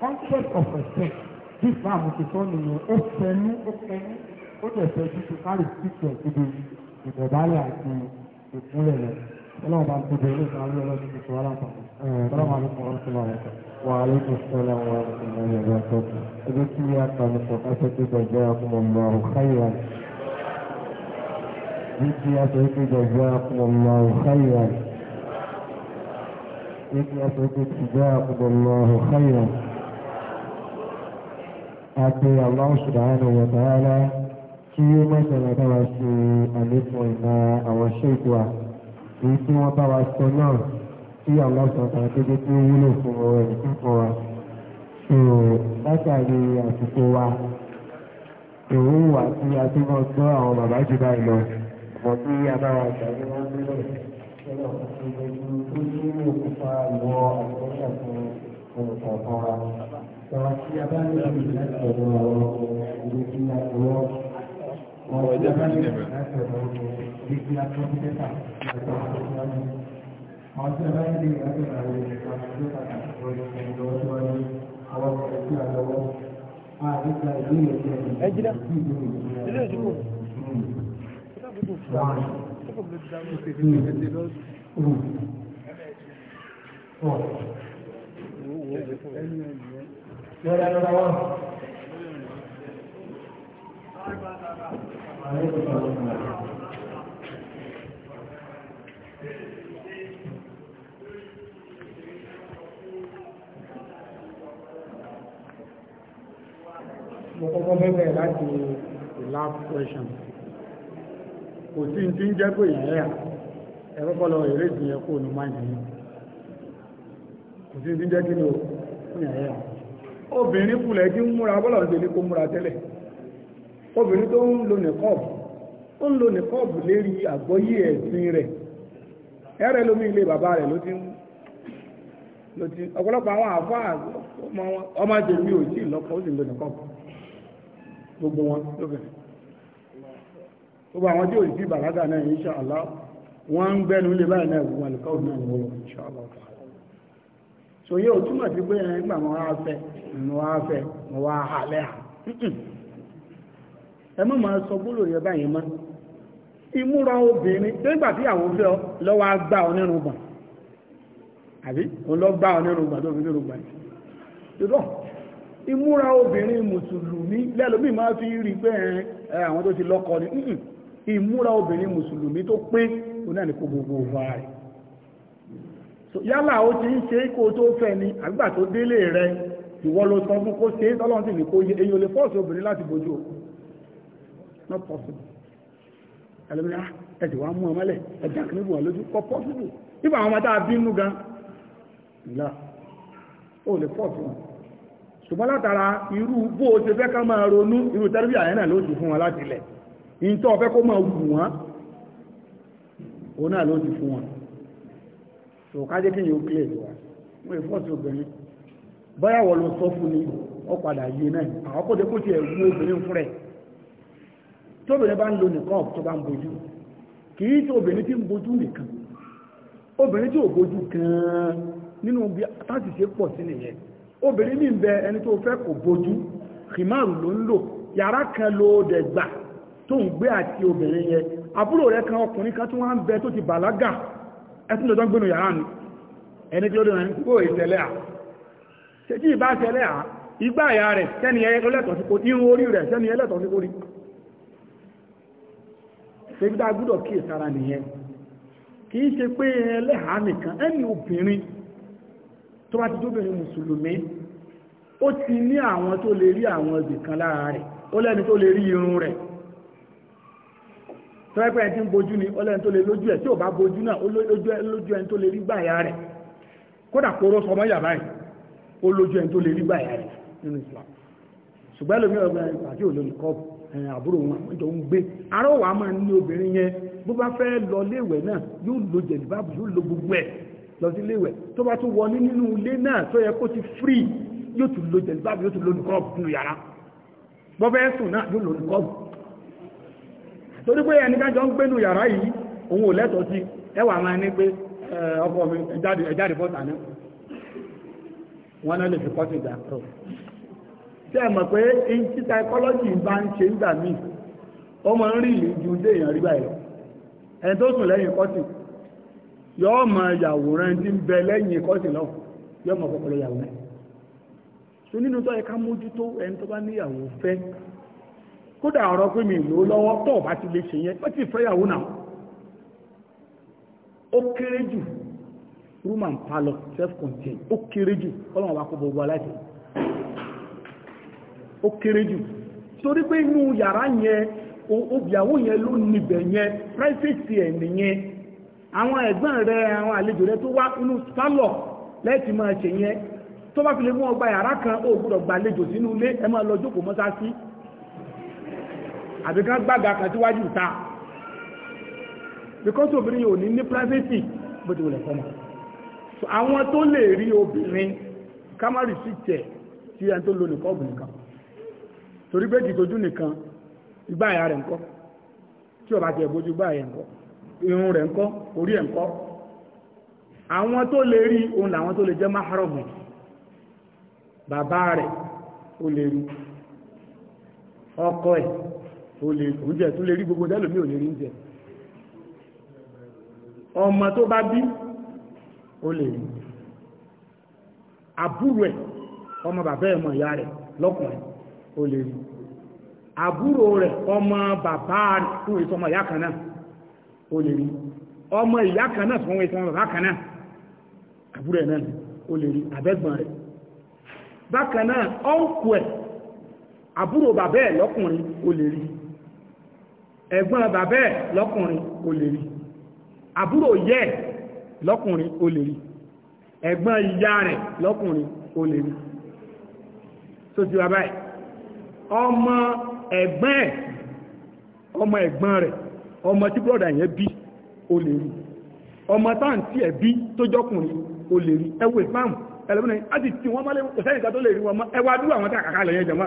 concept of respect bí islam ti sọ nìyẹn ó fẹnu ó fẹnu ó dẹ̀ fẹ́ títí káàlì títí ìdí ìdọ̀bálẹ̀ àti ìkúnlẹ̀ rẹ̀ ọlọ́run bá ń tóbi ilé ìta ayé ọlọ́run ti sọ aláǹfààní ọlọ́run àti ọmọ ọlọ́run tó wà lọ́kọ̀. wà á lóko sọ́lá wà á lóko náà yẹ̀rọ ọ̀tọ̀ ebi tí yà á kàn sọ ẹsẹ̀ tó gbàgbé akúmọ̀ mọ́ ọ̀háyà ebi tí yà sọ ẹsẹ̀ gbàgbé akúmọ̀ mọ́ ọ̀háyà ebi tí yà sọ ẹsẹ̀ gbàgbé akúmọ̀ mọ́ ọ̀háyà àti Allah subhanahu wa ta'ala kí ó mọ́sànlá bá wa ṣe àlékún ìmọ̀ àwọn ṣéèkù wa èyí tí wọ́n bá wa sọ náà tí Allah subhanahu wa ta'ala tó wúlò fún ọ̀rọ̀ ìkẹ́kọ̀ọ́ wa so látàrí àsìkò wa èrò wà tí a tó mọ́ gbọ́ àwọn bàbá jù báyìí lọ ọ̀pọ̀ tí a bá wa gbà ní wọ́n gbé lọ́wọ́ ṣẹlẹ̀ ọ̀pọ̀ tó ń gbé ní òkúta ìwọ àti ọ̀ṣà fún olùkọ̀ọ̀kan wa. Àwọn tí a bá ní ìlú láti ọ̀dọ̀ àwọn ìlú tí a lọ, àwọn tí a bá ní ìlú láti ọ̀dọ̀ ìlú tí a tọ́ sí mẹ́ta, àwọn tí a bá ní ìlú láti ọ̀dọ̀ àwọn ìlú tí a tọ́ sí mẹ́ta, àwọn tí a lọ́wọ́. Ẹjìdá, ilé ìjúmọ̀, ìtàbùkù fún àwọn ìtàbùkù dáwọn ìpèsè ìpèsè lọ́dún. You had another one? Mo kọ́kọ́ bẹ̀rẹ̀ láti the last question. Kò sí ti ń jẹ́ pé ìyẹ́ à, ẹ̀rọ kọ́ lọ èrè ìdíyẹ kó ní máa ìdíyẹ. Kò sí ti ń jẹ́ kí ni ó fún ìyẹ́ à obìnrin kulẹ̀ tí ń múra bọ́lọ̀ ń tẹ̀lé kó múra tẹ́lẹ̀ obìnrin tó ń lo nìkọ́ọ̀bù ń lo nìkọ́ọ̀bù lérí àgbọ́yé ẹ̀sìn rẹ̀ ẹ̀rẹ́ lómi ilé bàbá rẹ̀ ló ti ń lo nìkọ́ọ̀bù gbogbo wọn lóbìnrin gbogbo àwọn tí ò sí bàlágà náà insha Allah wọ́n ń gbẹ́nu ilé báyìí náà gbogbo àlùkọ́ náà ní wọ́n insha so yóò túmọ̀ sí pé ẹ̀rìn gbà mọ́ wá fẹ́ mọ́ wá fẹ́ mọ́ wá halẹ́ à ẹ mọ́ máa sọ gbólò yẹ báyìí mọ́ ìmúra obìnrin nígbà tí àwọn fẹ́ lọ́wọ́ gbá ọ nínú gbọ̀n àbí òun lọ gbá ọ nínú gbọ̀n tó fi nínú gbọ̀n ṣùgbọ́n ìmúra obìnrin mùsùlùmí lẹ́lòmí máa fi rí pé àwọn tó ti lọ́kọ ni ìmúra obìnrin mùsùlùmí tó pé òun ní kó gbogbo ọ̀fà rẹ̀ so yálà ó ti ń ṣe kó tó fẹ́ ni àgbà tó délé rẹ ìwọ ló sọ fún kó ṣe é tọ́lọ́n sì ní kó yẹ èyí ò lè fọ́ọ̀sì obìnrin láti bójú o not possible ẹlòmíràn ah, ẹ̀jẹ̀ wa mú ọ mọ́lẹ̀ ẹ̀jẹ̀ àkínní bù wọn lójú kọ́ possible a bínú gan ìlà ó lè fọ́ọ̀sì wọn ṣùgbọ́n látara irú bó o ṣe fẹ́ ká máa ronú irú tẹ́lifí àyẹ́nà ló ti fún wọn láti ilẹ̀ ìntọ́ fẹ́ kó máa wù wọ́n òun náà ló ti fún wọn so kájẹ́ kí yóò kílẹ̀ ìwà wọ́n ìfọ́sí obìnrin báyà wọ́n lọ sọ fún ni ọ padà yé náà àwọn kó dẹ́kó ti ẹ̀wú obìnrin fún rẹ̀ tí obìnrin bá ń lo nìkan tó bá ń bojú kì í tí obìnrin tí ń bojú nìkan obìnrin tí ò bojú gan-an nínú bí táti ṣe pọ̀ sí nìyẹn obìnrin ní bẹ ẹni tó fẹ́ kò bojú kìmáàrù ló ń lò yàrá kan ló dẹ̀gbà tó ń gbé àti obìnrin yẹn àbúrò rẹ̀ kan ọkùnrin kan tó wá ń bẹ tó ti bàlágà ẹtún lọ́jọ́ gbénu yàrá nù ẹni tí ó dìnà kó ìṣẹ̀lẹ̀ à ṣe tí ìbá ṣẹlẹ̀ à igbá àyà rẹ̀ sẹ́ni ẹlẹ́tọ̀ sí kò irun orí rẹ̀ sẹ́ni ẹlẹ́tọ̀ sí kò rí ṣèbídá gbúdọ̀ kí ìsara nìyẹn kì í ṣe pé ẹlẹ́hà nìkan ẹni obìnrin tó bá ti jóbìnrin mùsùlùmí ó tọ́lẹ́pẹ́ ẹni tí ń bojú ni ọlẹ́ni tó lè lójú ẹ̀ tí ò bá bojú náà olójú ẹni tó lè rí gbàyà rẹ̀ kódà kóró sọmọ yàrá yìí ó lójú ẹni tó lè rí gbàyà rẹ̀ nínú Islam ṣùgbọ́n ẹlòmíràn ọgbà àti olórí kọ́ọ̀bù àbúrò wọn jọ ń gbé ará wa máa ní obìnrin yẹn bó bá fẹ́ lọ léèwẹ̀ náà yóò lo jẹ̀lìbáàbù yóò lo gbogbo ẹ̀ lọ sí léèwẹ̀ tó bá tún wọlé nínú ilé náà tó yẹ kó ti free yóò tún lo jẹ̀lìbáàbù yóò tún lo nìkọ́ọ̀bù nínú yàrá bọ́fẹ́ sùn náà yóò lo nìkọ́ọ̀bù torí pé ẹnìkan jọ ń gbénú yàrá yìí òun ò lẹ́tọ̀ọ́ sí ẹwà máa ní pé ọkọ̀ mi ẹjáde bọ́ta ní wọ́n náà lè fi kọ́ sí ìjà rọ̀ tẹ́ ẹ mọ̀ pé in tí psychology bá ń ṣe nígbà míì ó mọ̀ ń rí ìlú ju dé èèyàn rí báyìí ẹni tó sùn lẹ́yìn kọ́sì yọ́ mọ̀ yàwòrán tí ń bẹ lẹ́yìn kọ́sì náà yọ́ mọ̀ kọ́kọ́lọ́ yàwòrán tó nínú tó mójútó ẹni tó bá níyàwó fẹ́ kódà ọ̀rọ̀ pé mi lò lọ́wọ́ tó bá ti lè ṣe yẹn ti fẹ́yàwó náà ó kéré jù room and self-contained ó kéré jù ọlọ́run wa kó gbogbo aláìsẹ̀ ó kéré jù torí pé inú yàrá yẹn obìyàwó yẹn ló níbẹ̀ yẹn privacy ẹ̀ nìyẹn àwọn ẹ̀gbọ́n rẹ àwọn àlejò tó wá inú lẹ́ẹ̀tì máa ṣe yẹn tó yàrá kan ó gbọ́dọ̀ sínú ilé àbí kan gbàgbà kan síwájú ta because obìnrin yóò ní ní privacy bó ti wùlẹ̀ fọ́mọ̀ so àwọn tó lè rí obìnrin kámárì sí tẹ̀ tí ẹni tó lo nìkan obìnrin kan torí pé jìtojú nìkan igbá ẹ̀yà rẹ̀ ńkọ́ tí ọba ti ẹ̀bójú igbá ẹ̀yà ńkọ́ irun rẹ̀ ńkọ́ orí ẹ̀ ńkọ́ àwọn tó lè rí òun làwọn tó lè jẹ́ máhárọ̀mù bàbá rẹ̀ ó lè rí ọkọ ẹ̀ oúnjẹ tó lè rí gbogbo dẹ́lòmí ò lè rí oúnjẹ ọmọ tó bá bí ó lè rí àbúrò ẹ̀ ọmọ bàbá ẹ̀mọ̀ ìyá rẹ̀ lọ́kùnrin ó lè rí àbúrò rẹ̀ ọmọ bàbá fún èso ọmọ ìyá kan náà ó lè rí ọmọ ìyá kan náà fún èso ọmọ bàbá kan náà àbúrò ẹ̀ náà ó lè rí àbẹ́gbọ̀n rẹ̀ bákan náà ọ̀nkù ẹ̀ àbúrò bàbá ẹ̀ lọ́kùnrin ó lè rí ẹ̀gbọ́n bàbẹ́ lọ́kùnrin ó lè rí àbúrò yẹ́ lọ́kùnrin ó lè rí ẹ̀gbọ́n ìyá rẹ̀ lọ́kùnrin ó lè rí tó ti wà báyìí ọmọ ẹ̀gbọ́n ẹ̀ ọmọ ẹ̀gbọ́n rẹ̀ ọmọ tí brọ́dà yẹn bí ó lè rí ọmọ táǹtí ẹ̀ bí tó jọ́kùnrin ó lè rí ẹwọ ìfáàmù ẹlẹ́mìnà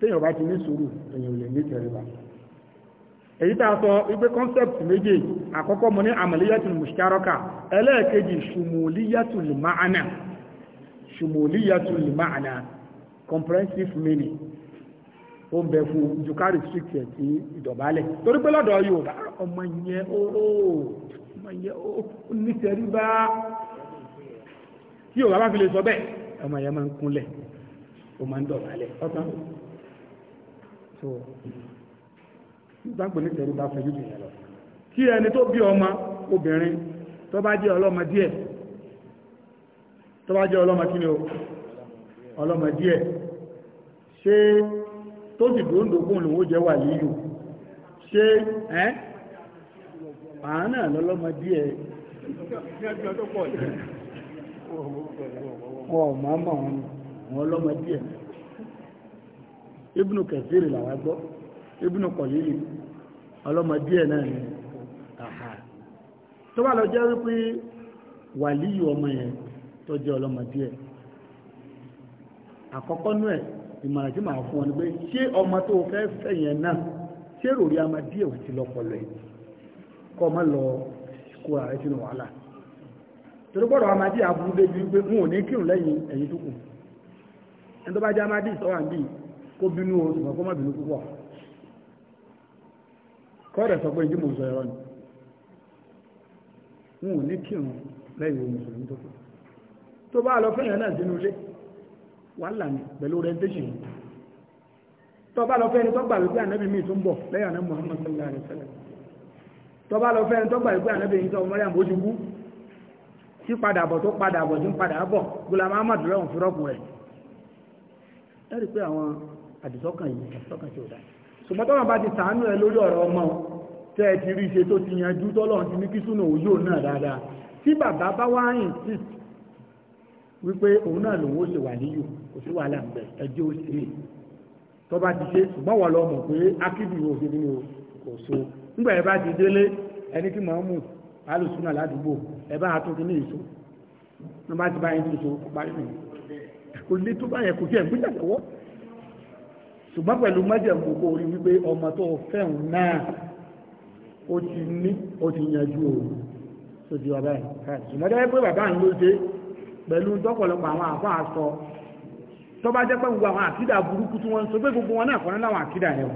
téèyàn bá ti ní sùúrù èèyàn ò lè ní tẹríba èyí tá a sọ wípé concept méje àkọ́kọ́ mo ní amaliyatul mushtaraka ẹlẹ́ẹ̀kejì shumuliyatul ma'ana shumuliyatul ma'ana comprehensive meaning ó ń bẹ fún jukari strict ẹ̀ tí ìdọ̀bálẹ̀ torí pé lọ́dọ̀ Yorùbá ọmọ yẹn ó ọmọ yẹn ó ní tẹríba tí Yorùbá bá fi lè sọ bẹ́ẹ̀ ọmọ yẹn máa ń kúnlẹ̀ ó máa ń dọ̀bálẹ̀ ọ̀tán so ìgbàgbọ́ ní tẹ̀lé bá fẹ́ jù yẹn lọ kí ẹni tó bí ọmọ obìnrin tó bá jẹ́ ọlọ́mọ díẹ̀ tó bá jẹ́ ọlọ́mọ kí ni o ọlọ́mọ díẹ̀ ṣé tó sì dòńdògún lòun ó jẹ́ wà lílù ṣé ẹ́ àánà lọ́lọ́mọ díẹ̀ wọ́n máa mọ̀ wọn ọlọ́mọ díẹ̀ Ibnu kẹfìrì làwọn gbọ́ ibnu kọ̀lìlì ọlọ́mọ díẹ̀ náà ni àhà tó wà lọ jẹ́ wípé wàlíyù ọmọ yẹn tó jẹ́ ọlọ́mọ díẹ̀ àkọ́kọ́ nú ẹ̀ ìmọ̀ràn tí màá fún ọ ni pé ṣé ọmọ tó fẹ́ fẹ́ yẹn náà ṣé ròrí ama díẹ̀ wà ti lọ́pọlọ ẹ̀ kọ́ ọmọ lọ kó ara sínú wàhálà torí gbọ́dọ̀ amadí aburú débi wípé wọn ò ní kírun lẹ́yìn ẹ̀yìn tó kù ẹni tó bá jẹ́ amadí sọ́wọ́n bíi kó bínú o ṣùgbọ́n kó má bínú púpọ̀ kọ́ọ̀dẹ̀ sọ pé ìdí mò ń sọ ẹ̀rọ ni wọn ò ní kírun lẹ́yìn ohun mùsùlùmí tó kù tó bá lọ fẹ́yàn náà sínú ilé wàhálà ní pẹ̀lú orientation tó bá lọ fẹ́ni tó gbà wípé ànábì míì tó ń bọ̀ lẹ́yìn ànábì Muhammad sallallahu alaihi wasallam tó bá lọ fẹ́ni tó gbà wípé ànábì yìí tó mọ́ríà mójúgbú tí padà bọ̀ tó padà bọ̀ tí ń padà bọ̀ Ghulam Ahmad lọ́wọ́n fi rọ́pù ẹ̀ ẹ̀rí pé àwọn àdìsọ́kàn yìí àdìsọ́kàn tí ó dá ṣùgbọ́n tọ́wọ́n bá ti sàánú ẹ lórí ọ̀rọ̀ ọmọ tẹ́ ẹ ti rí ṣe tó ti yanjú tọ́lọ̀ ti ní kísùnà òyò náà dáadáa tí bàbá bá wá insist wípé òun náà lòun ó ṣe wà níyù kò sí wàhálà ń bẹ ẹjọ́ ó ṣe tọ́ bá ti ṣe ṣùgbọ́n wọ́n lọ mọ̀ pé akíbi ò ṣe nínú kò so nígbà ẹ bá ti délé ẹni tí màá mú alùsùnà ládùúgbò ẹ bá tún kíní ìṣó ní wọ́n bá ti bá yẹn tún so ṣùgbọ́n pẹ̀lú mẹ́jẹ̀mú kó rí wípé ọmọ tó fẹ́hùn náà ó ti ní ó ti yanjú òun tó ti bàbá yìí ṣùgbọ́n jẹ́ pé bàbá yìí ló ṣe pẹ̀lú tọ́pọ̀lọpọ̀ àwọn àfọ́ àsọ tó bá jẹ́ pé gbogbo àwọn àkídà burúkú tí wọ́n ń sọ pé gbogbo wọn náà kọ́ni láwọn àkídà yẹn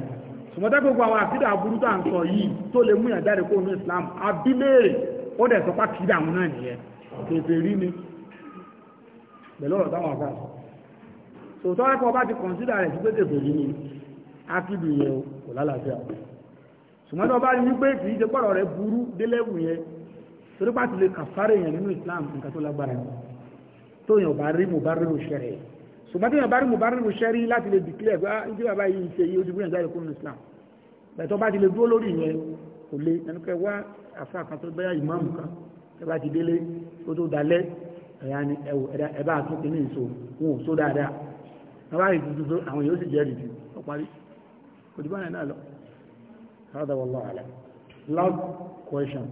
ṣùgbọ́n jẹ́ gbogbo àwọn àkídà burúkú tá à ń sọ yìí tó lè mú yàn jáde kó ní Islam abílẹ̀rẹ̀ ó dẹ̀ sọ pé àkídà àwọn náà nìyẹn kèfèrí ni pẹ̀lú ọ̀rọ̀ táwọn àfọ́ àsọ tòótọ́ ẹ̀kọ́ bá ti kọ̀nsídà rẹ̀ sí pé kèfè yìí ni ákìdù yẹn kò lálàáfíà ṣùgbọ́n tó bá rí wípé kì í ṣe pọ̀rọ̀ rẹ̀ burú délẹ́wù yẹn torí pàtì lè kàfárẹ̀ yẹn nínú Islam nǹkan tó lágbára yẹn tó yàn bá rí mùbárírù ṣẹ̀rẹ̀ ṣùgbọ́n tó yàn bá rí mùbárírù ṣẹ̀rí láti lè dìkílẹ̀ pé ibi ah, bàbá yìí ṣe yìí ó ti gbìyànjú àìkú nínú Islam bẹ̀tọ́ bá ti lè dúró lórí yẹn kò lè ẹnu kẹ wá àfa kan tó bẹ́yà ìmáàmù kan ẹ bá ti délé tó tó dalẹ̀ ẹ̀yà ni ẹ̀wọ̀ ẹ̀dá ẹ̀ bá àtúntò ní ìṣó wọn ò só dáadáa wọ́n bá rí tuntun tó àwọn yóò sì jẹ́rìí jù ó parí kò dìbò àyàn náà lọ rádà wọ́n lọ àlẹ́ last question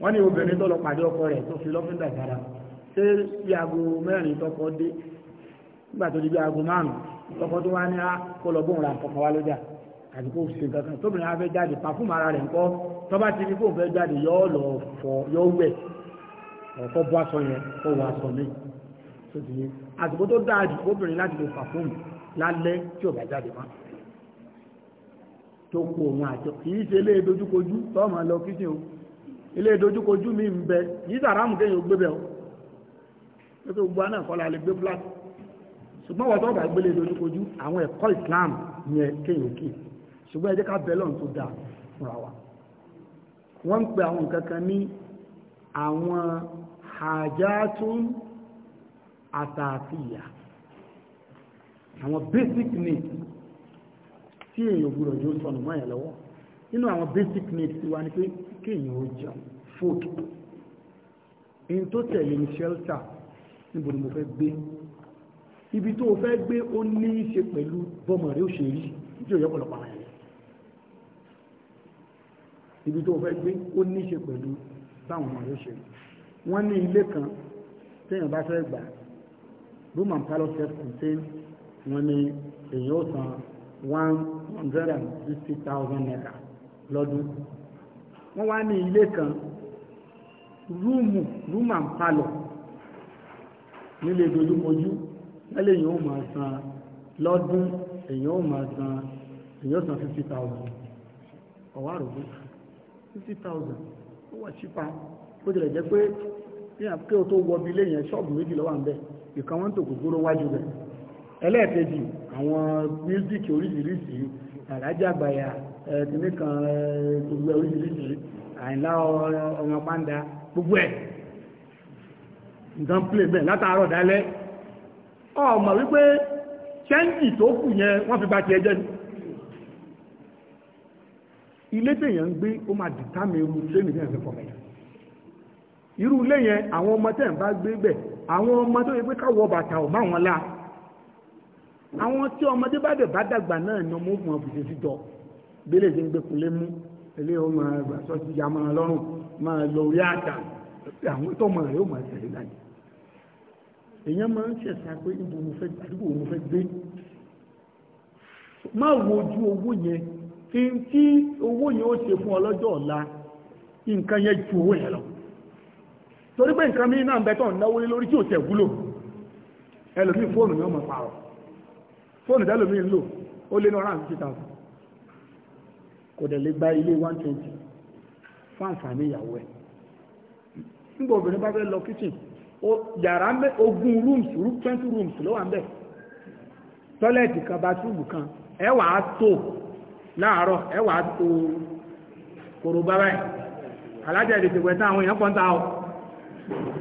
wọ́n ní obìnrin tó lọ pàdé ọkọ rẹ̀ tó fi lọ́fíńdà sára ṣé bí aago mẹ́rin tọkọ dé nígbà tó di bí aago márùn-ún tó wá ní ah, kó ra kankan wá lọ́jà àti kó ṣe kankan tóbìnrin á fẹ́ jáde pàfúmù ara rẹ̀ ńkọ́ tọ́ba ti ní kó fẹ́ jáde yọ́ lọ fọ yọ́ wẹ̀ ọ̀kọ́ bọ́ aṣọ yẹn kó wọ aṣọ mi tó ti yé àsìkò tó dáa jù obìnrin láti lè fà fóònù lálẹ́ tí ò bá jáde mọ́ tó kú òun àjọ kìí ṣe ilé ìdójúkojú tọ́ọ̀mọ̀ lọ kí o ilé ìdójúkojú mi ń bẹ yìí sàrámù kéèyàn gbé bẹ̀ o pẹ́kẹ́ gbogbo aná kọ́lá lè gbé flat ṣùgbọ́n wọ́n tọ́ọ̀bà gbélé ìdójúkojú àwọn ẹ̀kọ́ Islam yẹn kéèyàn kì ṣùgbọ́n ẹ jẹ́ ká bẹ́ lọ́n tó dáa fúnra wa wọ́n ń pe àwọn nǹkan kan ní àwọn hajjatun àtàfíà àwọn basic needs tí èèyàn gbúrò jù sọnù mọ́ ẹ̀ lọ́wọ́ nínú àwọn basic needs ti wá ní pé kí èèyàn ó jẹun food in tó tẹ̀lé ní shelter níbo ni mo fẹ́ gbé ibi tó o fẹ́ gbé ó ní í ṣe pẹ̀lú bọ́mọ rẹ ó ṣe rí tí ò yẹ pọ̀lọpọ̀ àwọn ẹ̀yẹ ibi tó o fẹ́ gbé ó ní í ṣe pẹ̀lú báwọn ọmọ rẹ ó ṣe rí wọ́n ní ilé kan téèyàn bá fẹ́ gbà á room and parlour self contained wọ́n ní èyí ó san one hundred and fifty thousand naira lọ́dún wọ́n wá ní ilé kan rúùmù room and parlour nílé dojúmojú lẹ́lẹ̀ èyàn ó máa san lọ́dún èyàn ó máa san èyàn ó san fifty thousand ọ̀wá àrògbé fifty thousand ó wà chípa ó tilẹ̀ jẹ́ pé kí o tó wọ bí ilé yẹn ṣọ́ọ̀bù méjì wà ń bẹ́ẹ̀ ìkan wọn tó kòkòrò wájú rẹ̀ ẹlẹ́ẹ̀kejì àwọn mísíkì oríṣiríṣi àrájàgbàyà ẹ̀ẹ́dínlẹ́ kan gbogbo oríṣiríṣi àìlá ọmọ pàǹdà gbogbo ẹ̀ nǹkan plé bẹ́ẹ̀ látàárọ̀ dálẹ́ ọmọ wípé ṣẹ́ǹtì tó kù yẹn wọ́n fi bá ti ẹjẹ́ ilé tèèyàn ń gbé ó máa dìtámi irú trémi ní ẹ̀fẹ́ kọ̀ọ̀kan irú ilé yẹn àwọn ọmọ tẹ́ bá gbé bẹ́ẹ̀ àwọn ọmọ tó yẹ pé káwọ bàtà ò bá wọn la àwọn tí ọmọdé bá dẹ̀ bá dàgbà náà ni ọmọ òfin ọ̀fìsè sí jọ bílẹ̀ ṣe ń gbé kulé mú ilé ọmọ àgbà sọ́sì ya máa lọ́rùn máa lọ orí àtà àwọn tọmọ rẹ̀ ó máa tẹ̀lé láyé èèyàn máa ń ṣẹ̀ṣà pé ibo mo fẹ́ àdúgbò mo fẹ́ gbé má wo ojú owó yẹn kí n tí owó yẹn ó ṣe fún ọ ọ̀la nǹkan yẹn ju owó yẹn lọ. torí pé nǹkan mìíràn náà ń bẹ náwó lórí tí ò tẹ̀ wúlò ẹlòmí fóònù ni ó mọ̀ fóònù tẹ́lòmí ń lò ó lé ní àti gba ilé 120 fún àǹfààní ìyàwó ẹ̀ nígbà obìnrin bá fẹ́ lọ kitchen yàrá ogún rooms 20 rooms ló wà ń bẹ̀ tọ́lẹ̀tì kan bathroom kan ẹ wà á tó láàárọ̀ ẹ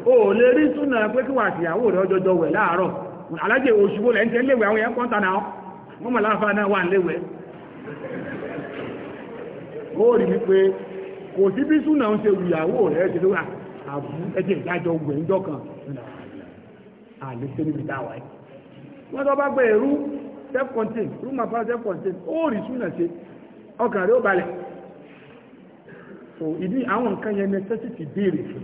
o lè rí súnà pé kí wà síyàwó rẹ̀ ọjọ́jọ́ wẹ̀ láàárọ̀ alájẹ́ òṣùgbò lẹ́ ń tẹ́ léwẹ̀ àwọn ẹ̀kọ́ tànà wọ́n mọ̀ láàfà náà wà léwẹ̀ o rí ní pé kò sí bí súnà ń ṣe ìyàwó rẹ̀ ti lówà wọ́n àwọn nǹkan yẹn necessity fún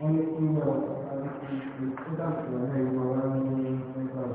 wọ́n ní kí wọ́n